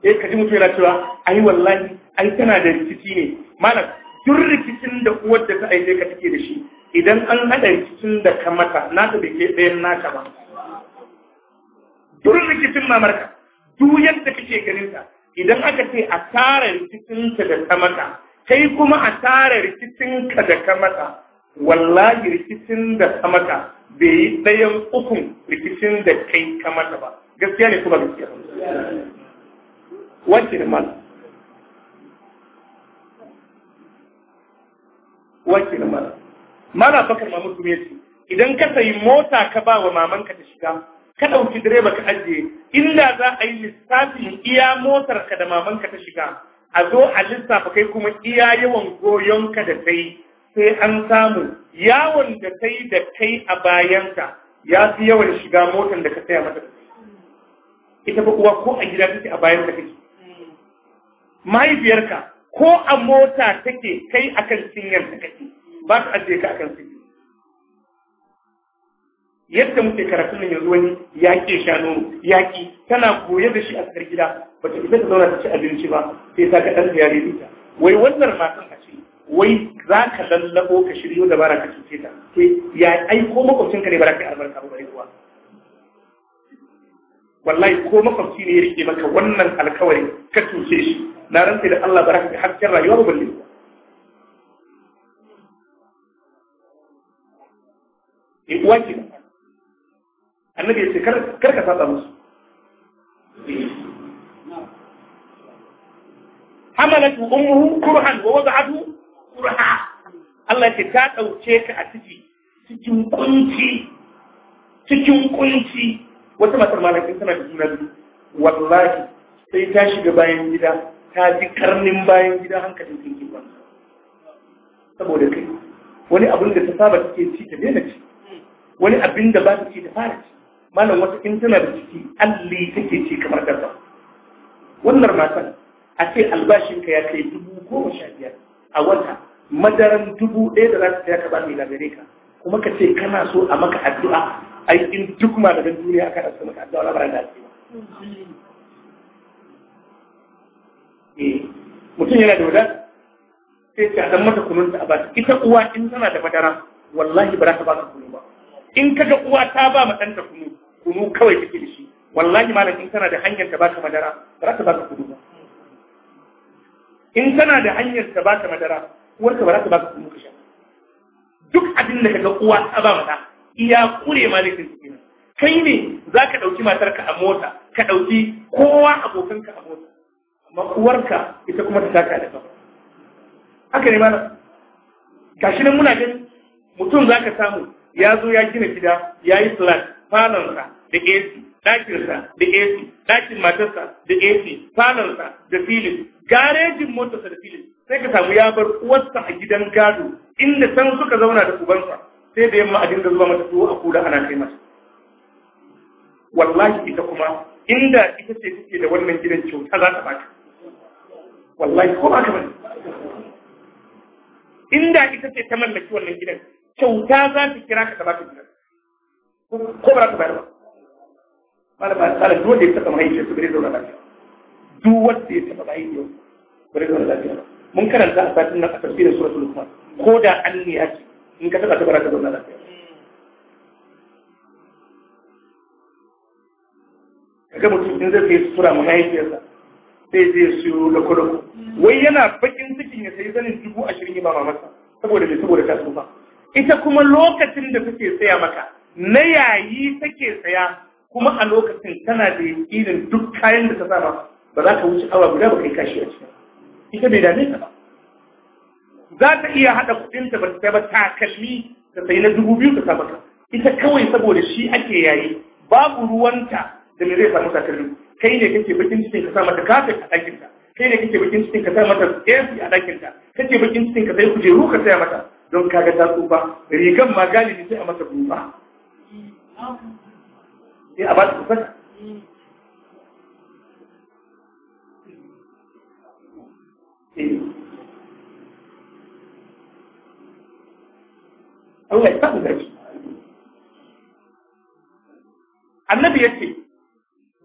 C: eh mutum yana cewa ai wallahi ai tana da rikici ne malam duk rikicin da uwar da ta aike ka take da shi idan an haɗa rikicin da ka mata naka bai ke ɗayan naka ba duk rikicin mamarka duk yadda kake ganin ta idan aka ce a tara rikicinka da ta mata kai kuma a tara rikicinka da ta mata wallahi rikicin da ta mata bai yi ɗayan ukun rikicin da kai ka mata ba gaskiya ne kuma gaskiya wacce ne mala wacce ne mala Mana Fakar mamudu ya ce idan ka sayi mota ka ba wa mamanka ta shiga ka ɗauki direba ka ajiye inda za a yi lissafin iya motar ka da mamanka ta shiga a zo a lissafa kai kuma iya yawan goyonka da kai sai an samu yawon da kai da kai a bayanta ya fi yawan shiga motar da ka saya mata ita ba uwa ko a gida take a bayanta kake mahaifiyarka ko a mota take kai akan cinyar ta kake ba ka ajiye ka akan cinyar yadda muke karatun nan yanzu wani ya ke sha nono ya ki tana koyar da shi a tsakar gida ba ta isa ta zauna ta ci abinci ba sai ta ga ɗan ya ta wai wannan matan a ce wai za ka lallabo ka shiryo da bara ka cuce ta sai ya aiko ka ne bara ka albarka ba bare kuwa wallahi ko makwabci ne ya rike maka wannan alkawari ka cuce shi na rantsa da Allah baraka da hakkin rayuwa ba balle uwa ke annabi ya ce kar ka saba musu hamalat ummuhu kurhan wa wada'atu kurha Allah ya ce ta dauke ka a ciki cikin kunci cikin kunci wata matar malakin tana da juna biyu wallahi sai ta shiga bayan gida ta ji karnin bayan gida hankalin kinki ba saboda kai wani abin da ta saba take ci ta daina ci wani abin da ba ta ci ta fara ci malam wata in tana da ciki alli take ci kamar gaza wannan matan a ce albashinka ya kai dubu goma sha biyar a wata madaran dubu ɗaya da za ta ya kaba mai gare ka kuma ka ce kana so a maka addu'a ai in duk ma daga duniya aka rasa maka addu'a labaran da ake eh, mutum yana da wadata sai a dan mata kunun ta ba ita uwa in tana da madara wallahi ba za ta ba ka kunu ba in kaga uwa ta ba ma ɗanta kunu kunu kawai take da shi wallahi malam in kana da hanyar ta baka madara ba za ta baka kudu ba in kana da hanyar ta baka madara uwar ka ba za ta baka kunu ka sha duk abin da kaga uwa ta ba mata iya kure malikin laifin su kenan kai ne za ka ɗauki matarka a mota ka ɗauki kowa abokanka a mota amma ka ita kuma ta taka da ba. haka ne malam gashi nan muna gani mutum za ka samu ya zo ya gina gida ya yi flat falonsa da AC, ɗakinsa da AC, ɗakin matarsa da AC, falonsa da filin, garejin motarsa da filin. Sai ka samu ya bar uwarsa a gidan gado inda san suka zauna da ubansa sai da yamma a dinga zuwa mata tuwo a kula ana kai mata. Wallahi ita kuma inda ita ce take da wannan gidan kyauta za ta baka. Wallahi ko ba ka bane. Inda ita ce ta mallaki wannan gidan kyauta za ta kira ka ta baka gidan. ko ba ka bayar ba malama tsara duk wanda ya taɓa mahaifiyar su bai zauna lafiya duk wanda ya taɓa mahaifiyar su bai zauna lafiya mun karanta a satin nan a tafsirin suratul lukman ko da an ne ake in ka taɓa ta bara ka zauna lafiya kaga mutum in zai sai sura mahaifiyarsa sai zai siyo lako-lako wai yana bakin cikin ya sai zanin dubu ashirin ya ba masa saboda mai saboda ta tsufa ita kuma lokacin da suke saya maka na yayi take tsaya kuma a lokacin tana da irin duk kayan da ta saba ba za ka wuce awa guda ba kai kashi a cikin ita bai dame ta ba za ta iya haɗa kuɗinta ba ta ba takalmi ta sai na dubu biyu ta saba ka ita kawai saboda shi ake yayi babu ruwanta da me zai samu takalmi kai ne kake bakin cikin ka sa mata kafin a ta kai ne kake bakin cikin ka sa mata AC a ta kake bakin cikin ka sai kujeru ka saya mata don kaga ta tsufa rigan ma galibi sai a mata tsufa sai abad eh. Allah ya Annabi ya ce,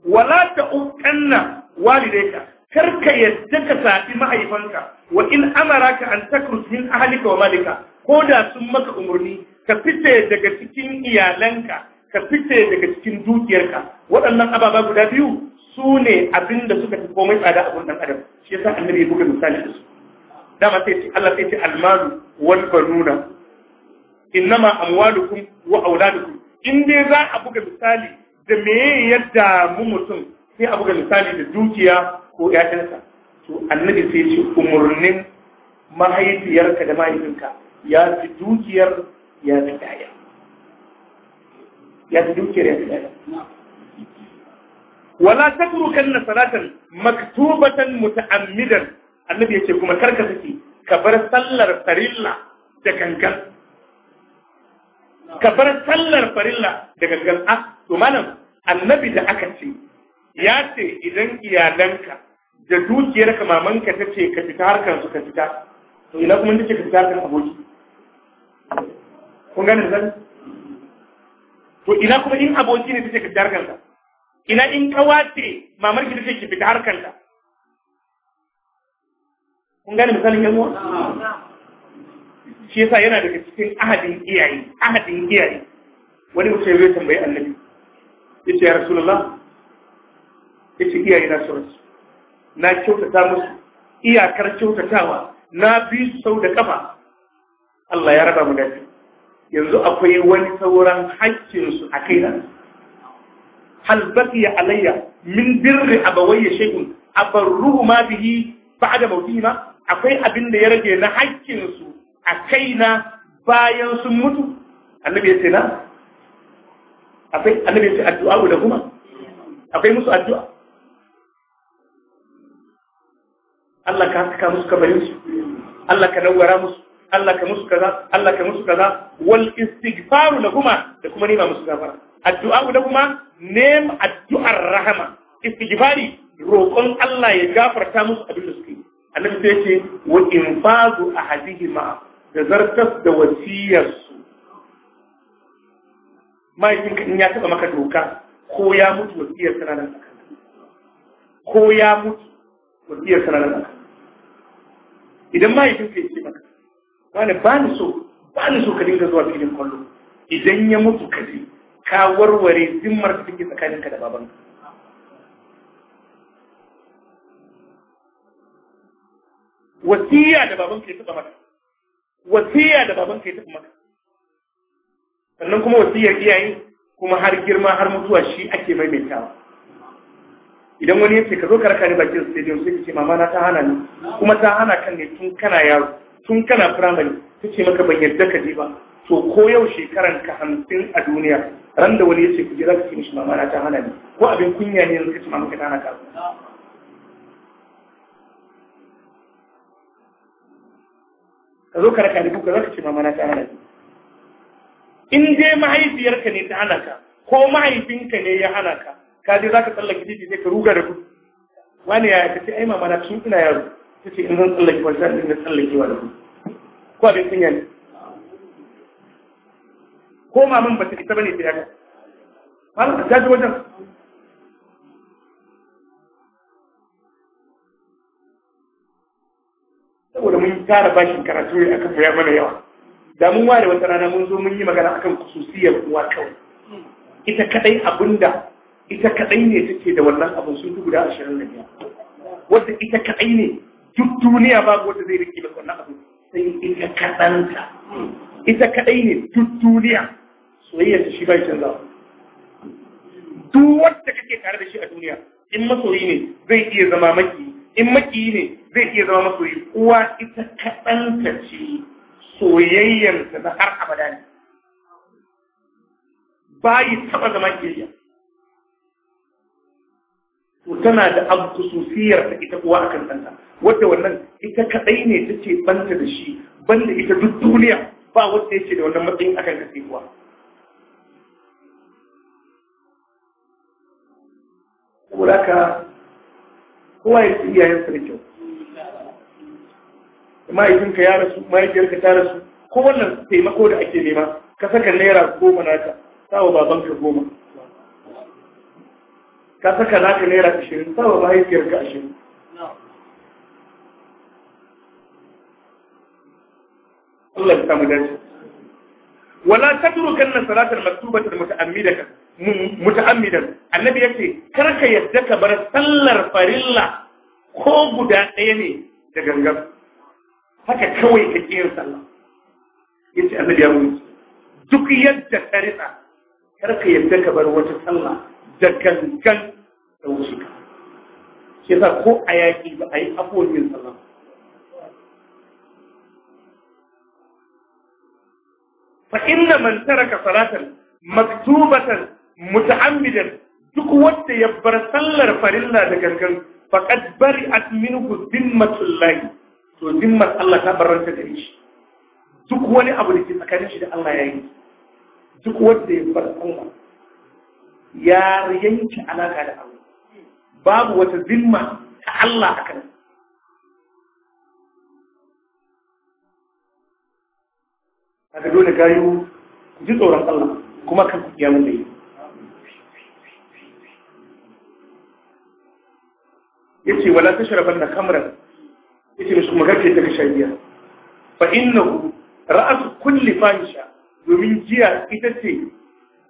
C: Wala ta umkanna walidayka, kar ka yadda ka saɓi mahaifanka, wa in amara ka an takrus ahalika wa malika, ko da sun maka umarni, ka fita daga cikin iyalanka, ka fice daga cikin dukiyarka waɗannan ababa guda biyu su ne abin da suka fi komai tsada a gudun adam shi yasa annabi ya buga misali da su dama sai ce Allah sai ce almanu wal banuna innama amwalukum wa auladukum in dai za a buga misali da me ya damu mutum sai a buga misali da dukiya ko ƴaƴansa to annabi sai ce umurnin mahaifiyarka da mahaifinka ya fi dukiyar ya fi ɗaya. ya ta dukiyar ya ta wala takrukan na salatan maktubatan muta'ammidan annabi yace kuma karka saki ka bar sallar farilla da gangan ka bar sallar farilla da gangan a ah, to malam annabi da aka ce ya ce idan iyalanka da dukiyar ka mamanka ta ce ka fita harkar su ka fita to ina kuma ce ka fita harkar aboki kun gane zan to ina kuma in aboki ne take fitar fita ina in kawa ce mamar ki take fitar fita harkar ka kun gane misalin yan uwa shi yasa yana daga cikin ahadin iyaye ahadin iyaye wani mutum ya tambayi annabi yace ya rasulullah yace iyaye na su na kyautata musu iyakar kyautatawa na bi su sau da kafa Allah ya raba mu dafi yanzu akwai wani sauran haƙƙinsu a kai nan hal baqiya alayya min birri a bar ruhu ma bihi da mawtihima akwai abin da ya rage na haƙƙinsu a kaina bayan sun mutu annabi ya ce na akwai annabi ya ce addu'a da kuma akwai musu addu'a Allah ka haska musu kabarin Allah ka nawwara musu Allah ka musu kaza Allah ka musu kaza wal istighfaru kuma da kuma nema musu gafara addu'a kuma nem addu'ar rahama istighfari roƙon Allah ya gafarta musu abin da suke annabi sai ce wa infazu ahadihima da zartas da wasiyarsu mahaifinka in ya taba maka doka ko ya mutu wasiyar sanarar aka ko ya mutu wasiyar sanarar aka idan mahaifinka ya ce maka wani ba ni so ba ni so ka dinga zuwa filin kwallo idan ya mutu ka je ka warware zimmar da take tsakaninka da babanka wasiya da babanka ya taba maka wasiya da babanka ya taɓa maka sannan kuma wasiyar iyaye kuma har girma har mutuwa shi ake maimaitawa idan wani ya ce ka zo ka raka ni bakin stadium sai ka ce mama na ta hana ni kuma ta hana kan ne tun kana yaro tun kana firamare ta ce maka ban yadda ka je ba to ko yau shekaran ka hamsin a duniya ran da wani ya ce kuje za ka ce mishi mama na ta hana ni ko abin kunya ne yanzu ka ce mama ka hana ka ka zo ka raka ni kuka za ka ce mama na ta hana ni in dai mahaifiyarka ne ta hana ka ko mahaifinka ne ya hana ka ka je za ka tsallake titi sai ka ruga da ku wani ya ka ce ai mama na tun ina yaro ta ce in zan tsallake wani zan dinga tsallakewa da ku ko abin sun ne ko maman ba ta isa bane ta yaka malam ta ji wajen saboda mun tara bashin karatu ne aka koya mana yawa da mun ware wata rana mun zo mun yi magana akan kususiyar uwa kawai ita kadai abinda ita kadai ne take da wannan abun sun fi guda ashirin da biyar wadda ita kadai ne duk duniya babu wanda zai rike da wannan abu sai in ka kadanta ita kadai ne duk duniya soyayya ta shi bai canzawa duk wanda kake tare da shi a duniya in masoyi ne zai iya zama maki in maki ne zai iya zama masoyi uwa ita kadanta ce soyayyar na har abada ne ba yi zama kiyaye to tana da abkususiyar ta ita kuwa akan kanta, wadda wannan ita kaɗai ne ta ce banta da shi banda ita duk duniya ba wadda ya ce da wannan matsayin akan kasi kuwa. saboda kowa ya ci iyayensa da kyau mahaifinka ya rasu mahaifiyarka ta rasu ko wannan taimako da ake nema ka saka naira goma naka sawa babanka goma ka saka ka naira ashirin sama mahaifiyarka ashirin Allah ya samu dace wala kan nan salatar maktubatan muta'ammidaka muta'ammidan annabi yace kar ka yadda ka bar sallar farilla ko guda ɗaya ne da gangan haka kawai ka ƙi yin sallah yace annabi ya mutu duk yadda ka rika kar ka yadda ka bar wata sallah da gangan da wasu ka shi ko a yaƙi ba a yi abubuwan yin sallama fa inna man taraka salatan maktubatan muta'ammidan duk wanda ya bar sallar farilla da gangan faqad bari'at minhu zimmatullahi to zimmar Allah ta barranta da shi duk wani abu da ke tsakanin shi da Allah yayi duk wanda ya bar sallah ya yanke alaka da Allah babu wata zimma ta Allah a kan aka dole gayu ku ji tsoron Allah kuma kan ku kiyamun da yi ya ce wala ta sharafan na kamran ya ce musu magarke daga shariya. fa innahu ra'asu kulli fahisha domin jiya ita ce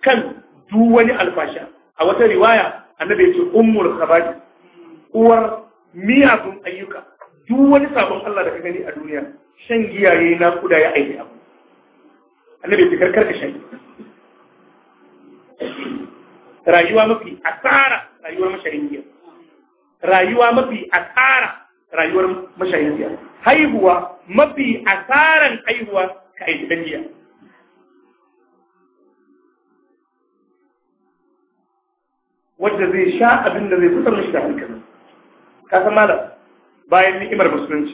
C: kan duk wani alfasha a wata riwaya annabi ya ce ummul khabari uwar miyagun ayyuka duk wani sabon Allah da ka gani a duniya shan giya yayi na kuda ya aiki abu annabi ya karkar ka shan rayuwa mafi asara rayuwar mashayin giya rayuwa mafi asara rayuwar mashayin giya haihuwa mafi asaran haihuwa ka aiki dan giya wanda zai sha abin da zai fitar mishi da hankali ka san malam bayan ni'imar musulunci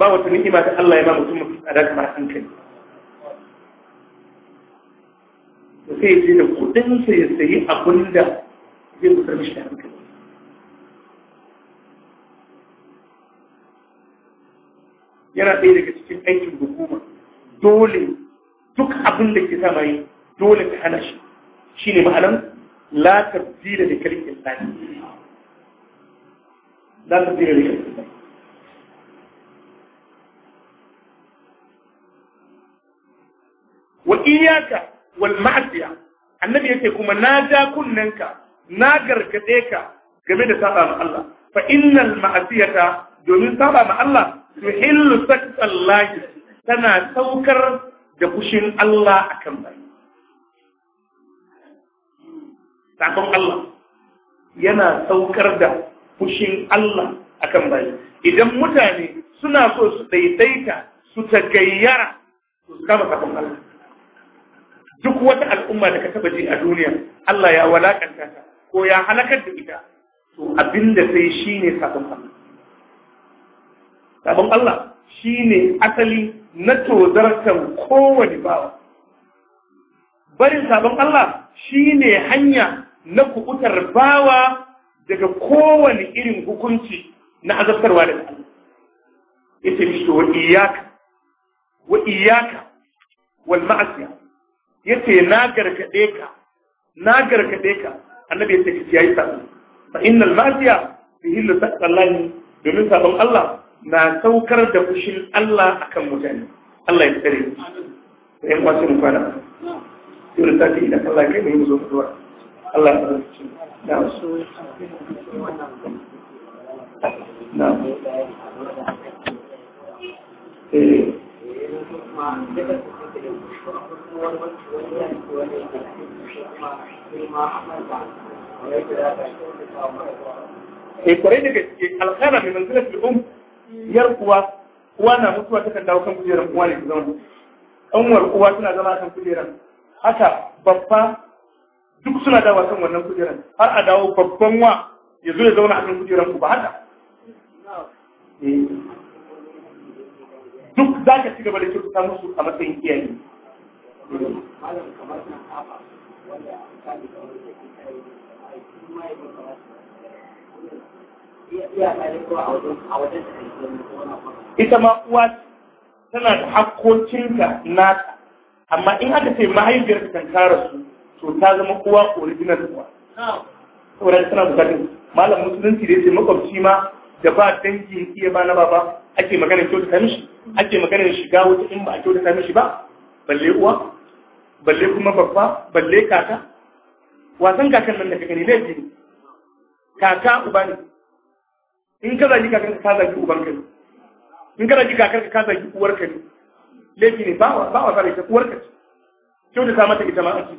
C: ba wata ni'ima ta Allah ya ba mutum a da kamar hankali to sai ya je da kudin sai ya sayi abin da zai fitar mishi da hankali yana ɗaya daga cikin aikin hukuma dole duk abin da ke sama yi dole ka hana shi shine ma'anar la tabdila li kalim Allah la tabdila li kalim Allah wa iyyaka wal ma'siya annabi yake kuma na ja kunnenka, na gargade ka game da saba ma Allah fa innal ma'siyata domin saba ma Allah tuhillu sakta Allah tana saukar da fushin Allah akan bai sabon Allah yana saukar da fushin Allah akan bayi idan mutane suna so su daidaita su ta gayyara su kama sabon Allah duk wata al'umma da ka taba ji a duniya Allah ya walakanta ta ko ya halakar da ita to abinda sai shine sabon Allah sabon Allah shine asali na tozartar kowane bawa barin sabon Allah shine hanya na kubutar bawa daga kowane irin hukunci na azabtarwa da ta. yace mishi wa iyaka wa iyaka wal ma'asiya yace na gargade ka na gargade ka annabi yace ki yayi sabo fa innal ma'asiya bihillu saqallani domin sabon Allah na saukar da fushin Allah akan mutane Allah ya tsare mu sai mu kwana yau da tafi idan Allah ya kai mu zo mu zuwa Allah ya rubuce
B: da su na eh
C: eh kwarai da gaske alkhara mai manzilar fil'um yar kuwa uwa na mutuwa ta kan dawo kan kujerar uwa ne ta zama ɗanwar uwa tana zama kan kujerar haka babba duk suna dawa kan wannan kujeran har a dawo babban wa ya zo ya zauna a kan kujeran ku ba haka eh. duk za ka ci gaba da kyautata musu a matsayin iyaye ita ma uwa tana da hakkokinka nata amma in aka ce mahaifiyarka kan kara su to ta zama kowa original kuwa saboda suna bukatun malam musulunci da ya ce makwabci ma da ba dangin iya ba na baba ake maganar kyautata mishi ake maganar shiga wata in ba a kyautata mishi ba balle uwa balle kuma babba balle kaka wasan kakan nan da ka gani laifi ne kaka uba ne in ka zagi kakan ka zagi uban ka ne in ka zagi kakar ka zagi uwar ka ne laifi ne ba wa ba wa sare ta uwar ka ce kyautata mata ita ma ake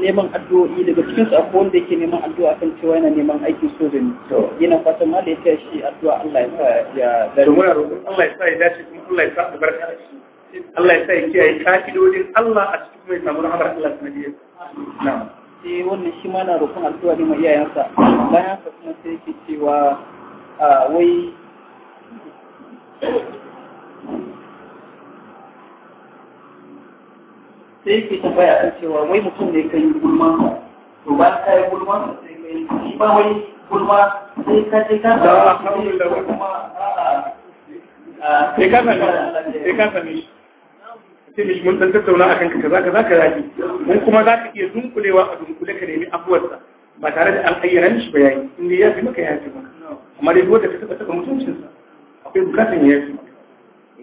B: neman addu'o'i daga cikin su akwai wanda yake neman addu'a kan cewa yana neman aikin soja ne yana fatan ma da ya taya shi addu'a Allah ya sa ya dare muna roƙon Allah
C: ya sa ya dace kuma Allah ya sa albarka da ciki Allah ya sa ya kiyaye ka'idodin Allah a cikin mai samu rahamar Allah sanadiyar na'am eh wannan shi ma na roƙon addu'a ne ma iyayensa bayan sa kuma sai yake cewa ah, wai sai yake tambaya kan cewa wai mutum ne kai gulma to ba ka yi gulma sai kai shi ba wai gulma sai ka je ka da alhamdulillah kuma ah, ah, sai ka sani sai ka sani sai mai mun dan tattauna akan ka kaza kaza ka zaki mun kuma za ka iya dunkulewa a dunkule ka nemi abuwarsa ba tare da an ayyana shi bayani Inda ya fi maka ya fi maka amma dai wanda ka taba taba mutuncinsa akwai bukatun ya fi maka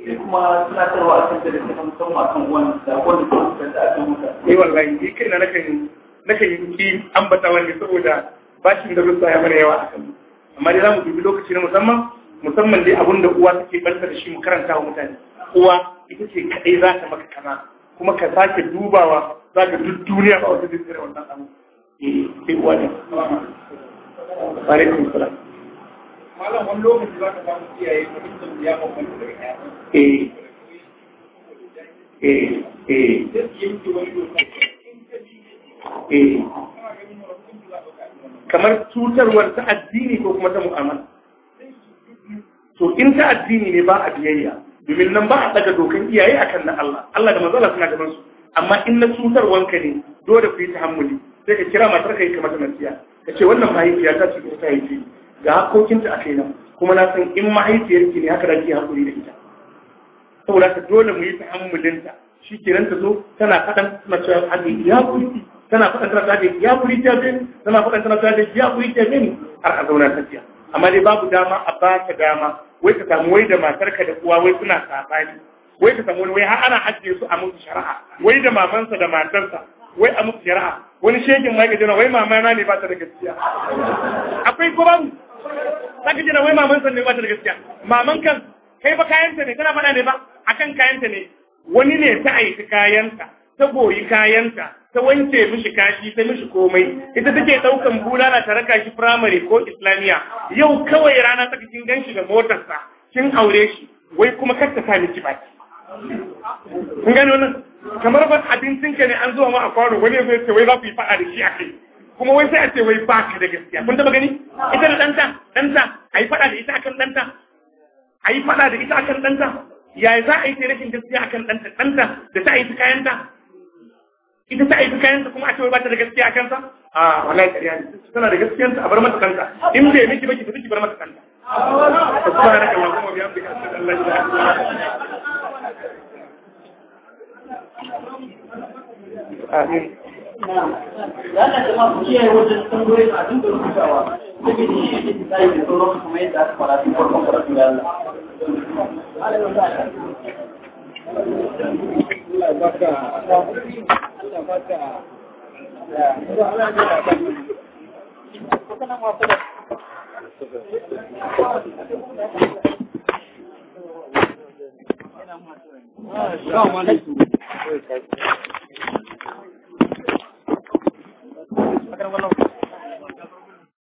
C: sai kuma tunatarwa a kan da ta musamman kan wanda wanda ta mutu da aka mutu. Ni wallahi ni kaina nakan nakan yi ki ambata wani saboda bashin da rusa ya mana yawa a kan. Amma dai za mu dubi lokaci na musamman musamman dai abin da uwa take barka da shi mu karanta wa mutane. Uwa ita ce kaɗai za ta maka kana kuma ka sake dubawa za ka duk duniya ba wata zai tsere wannan abu. Eh, sai uwa ne. Wa alaikum salam. malam wani lokaci za ka samu iyaye fahimtar ya bambanta da ƴaƴan eh. eh eh eh eh kamar cutarwar ta addini ko kuma ta mu'amala to in ta addini ne ba a biyayya domin nan ba a daga dokan iyaye akan na Allah Allah da mazala suna gaban su amma in na cutarwanka ne dole ku yi tahammuli sai ka kira matar ka yi kamar nasiya ka ce wannan mahaifiya ta ce ta haifi ga hakokinta a kaina kuma na san in mahaifiyarki ne haka da hakuri da ita saboda ka dole mu yi ta ta'ammulinta shi kenan ta zo tana faɗan tana cewa hadi ya kuri tana faɗan tana cewa ya kuri ta bin tana faɗan tana cewa ya kuri ta bin har a zauna ta jiya amma dai babu dama a ba ka dama wai ka samu wai da matarka da uwa wai suna sabani wai ka samu wai har ana ajiye su a musu shari'a wai da mamansa da matarsa wai a musu shari'a wani shekin ma ya gajera wai mamana ne ba ta da gaskiya akwai kuma za ka da, wai maman sannan ne ba ta da gaskiya maman kan kai ba kayanta ne kana faɗa ne ba A kan kayanta ne wani ne ta aiki kayanta ta goyi kayanta ta wanke mishi kashi ta mishi komai ita take ɗaukan bulala ta raka shi firamare ko islamiyya. yau kawai rana ta kin gan shi da motarsa kin aure shi wai kuma kar ta sa ki baki kun gano nan kamar ba abincin ka ne an zuwa ma a kwano wani ya zai ce wai za ku yi faɗa da shi a kai kuma wai sai a ce wai ba ka da gaskiya kun taba gani ita da danta danta a yi da ita akan danta a yi da ita akan danta ya za a yi rashin gaskiya akan danta danta da ta aiki kayanta ita ta aiki kayanta kuma a ce wai ba ta da gaskiya akan ta a wallahi kariya ne tana da gaskiya a bar mata kanta in bai miki ba ki tafi ki bar mata kanta subhanaka allahumma
B: wa Yana da ma kiyaye wajen tambayoyi a duk da rubutawa, saboda shi ne da tsayi da kuma yadda aka fara su farkon karatu da Allah. Allah baka Allah baka Assalamu alaikum. Пока, Иванов.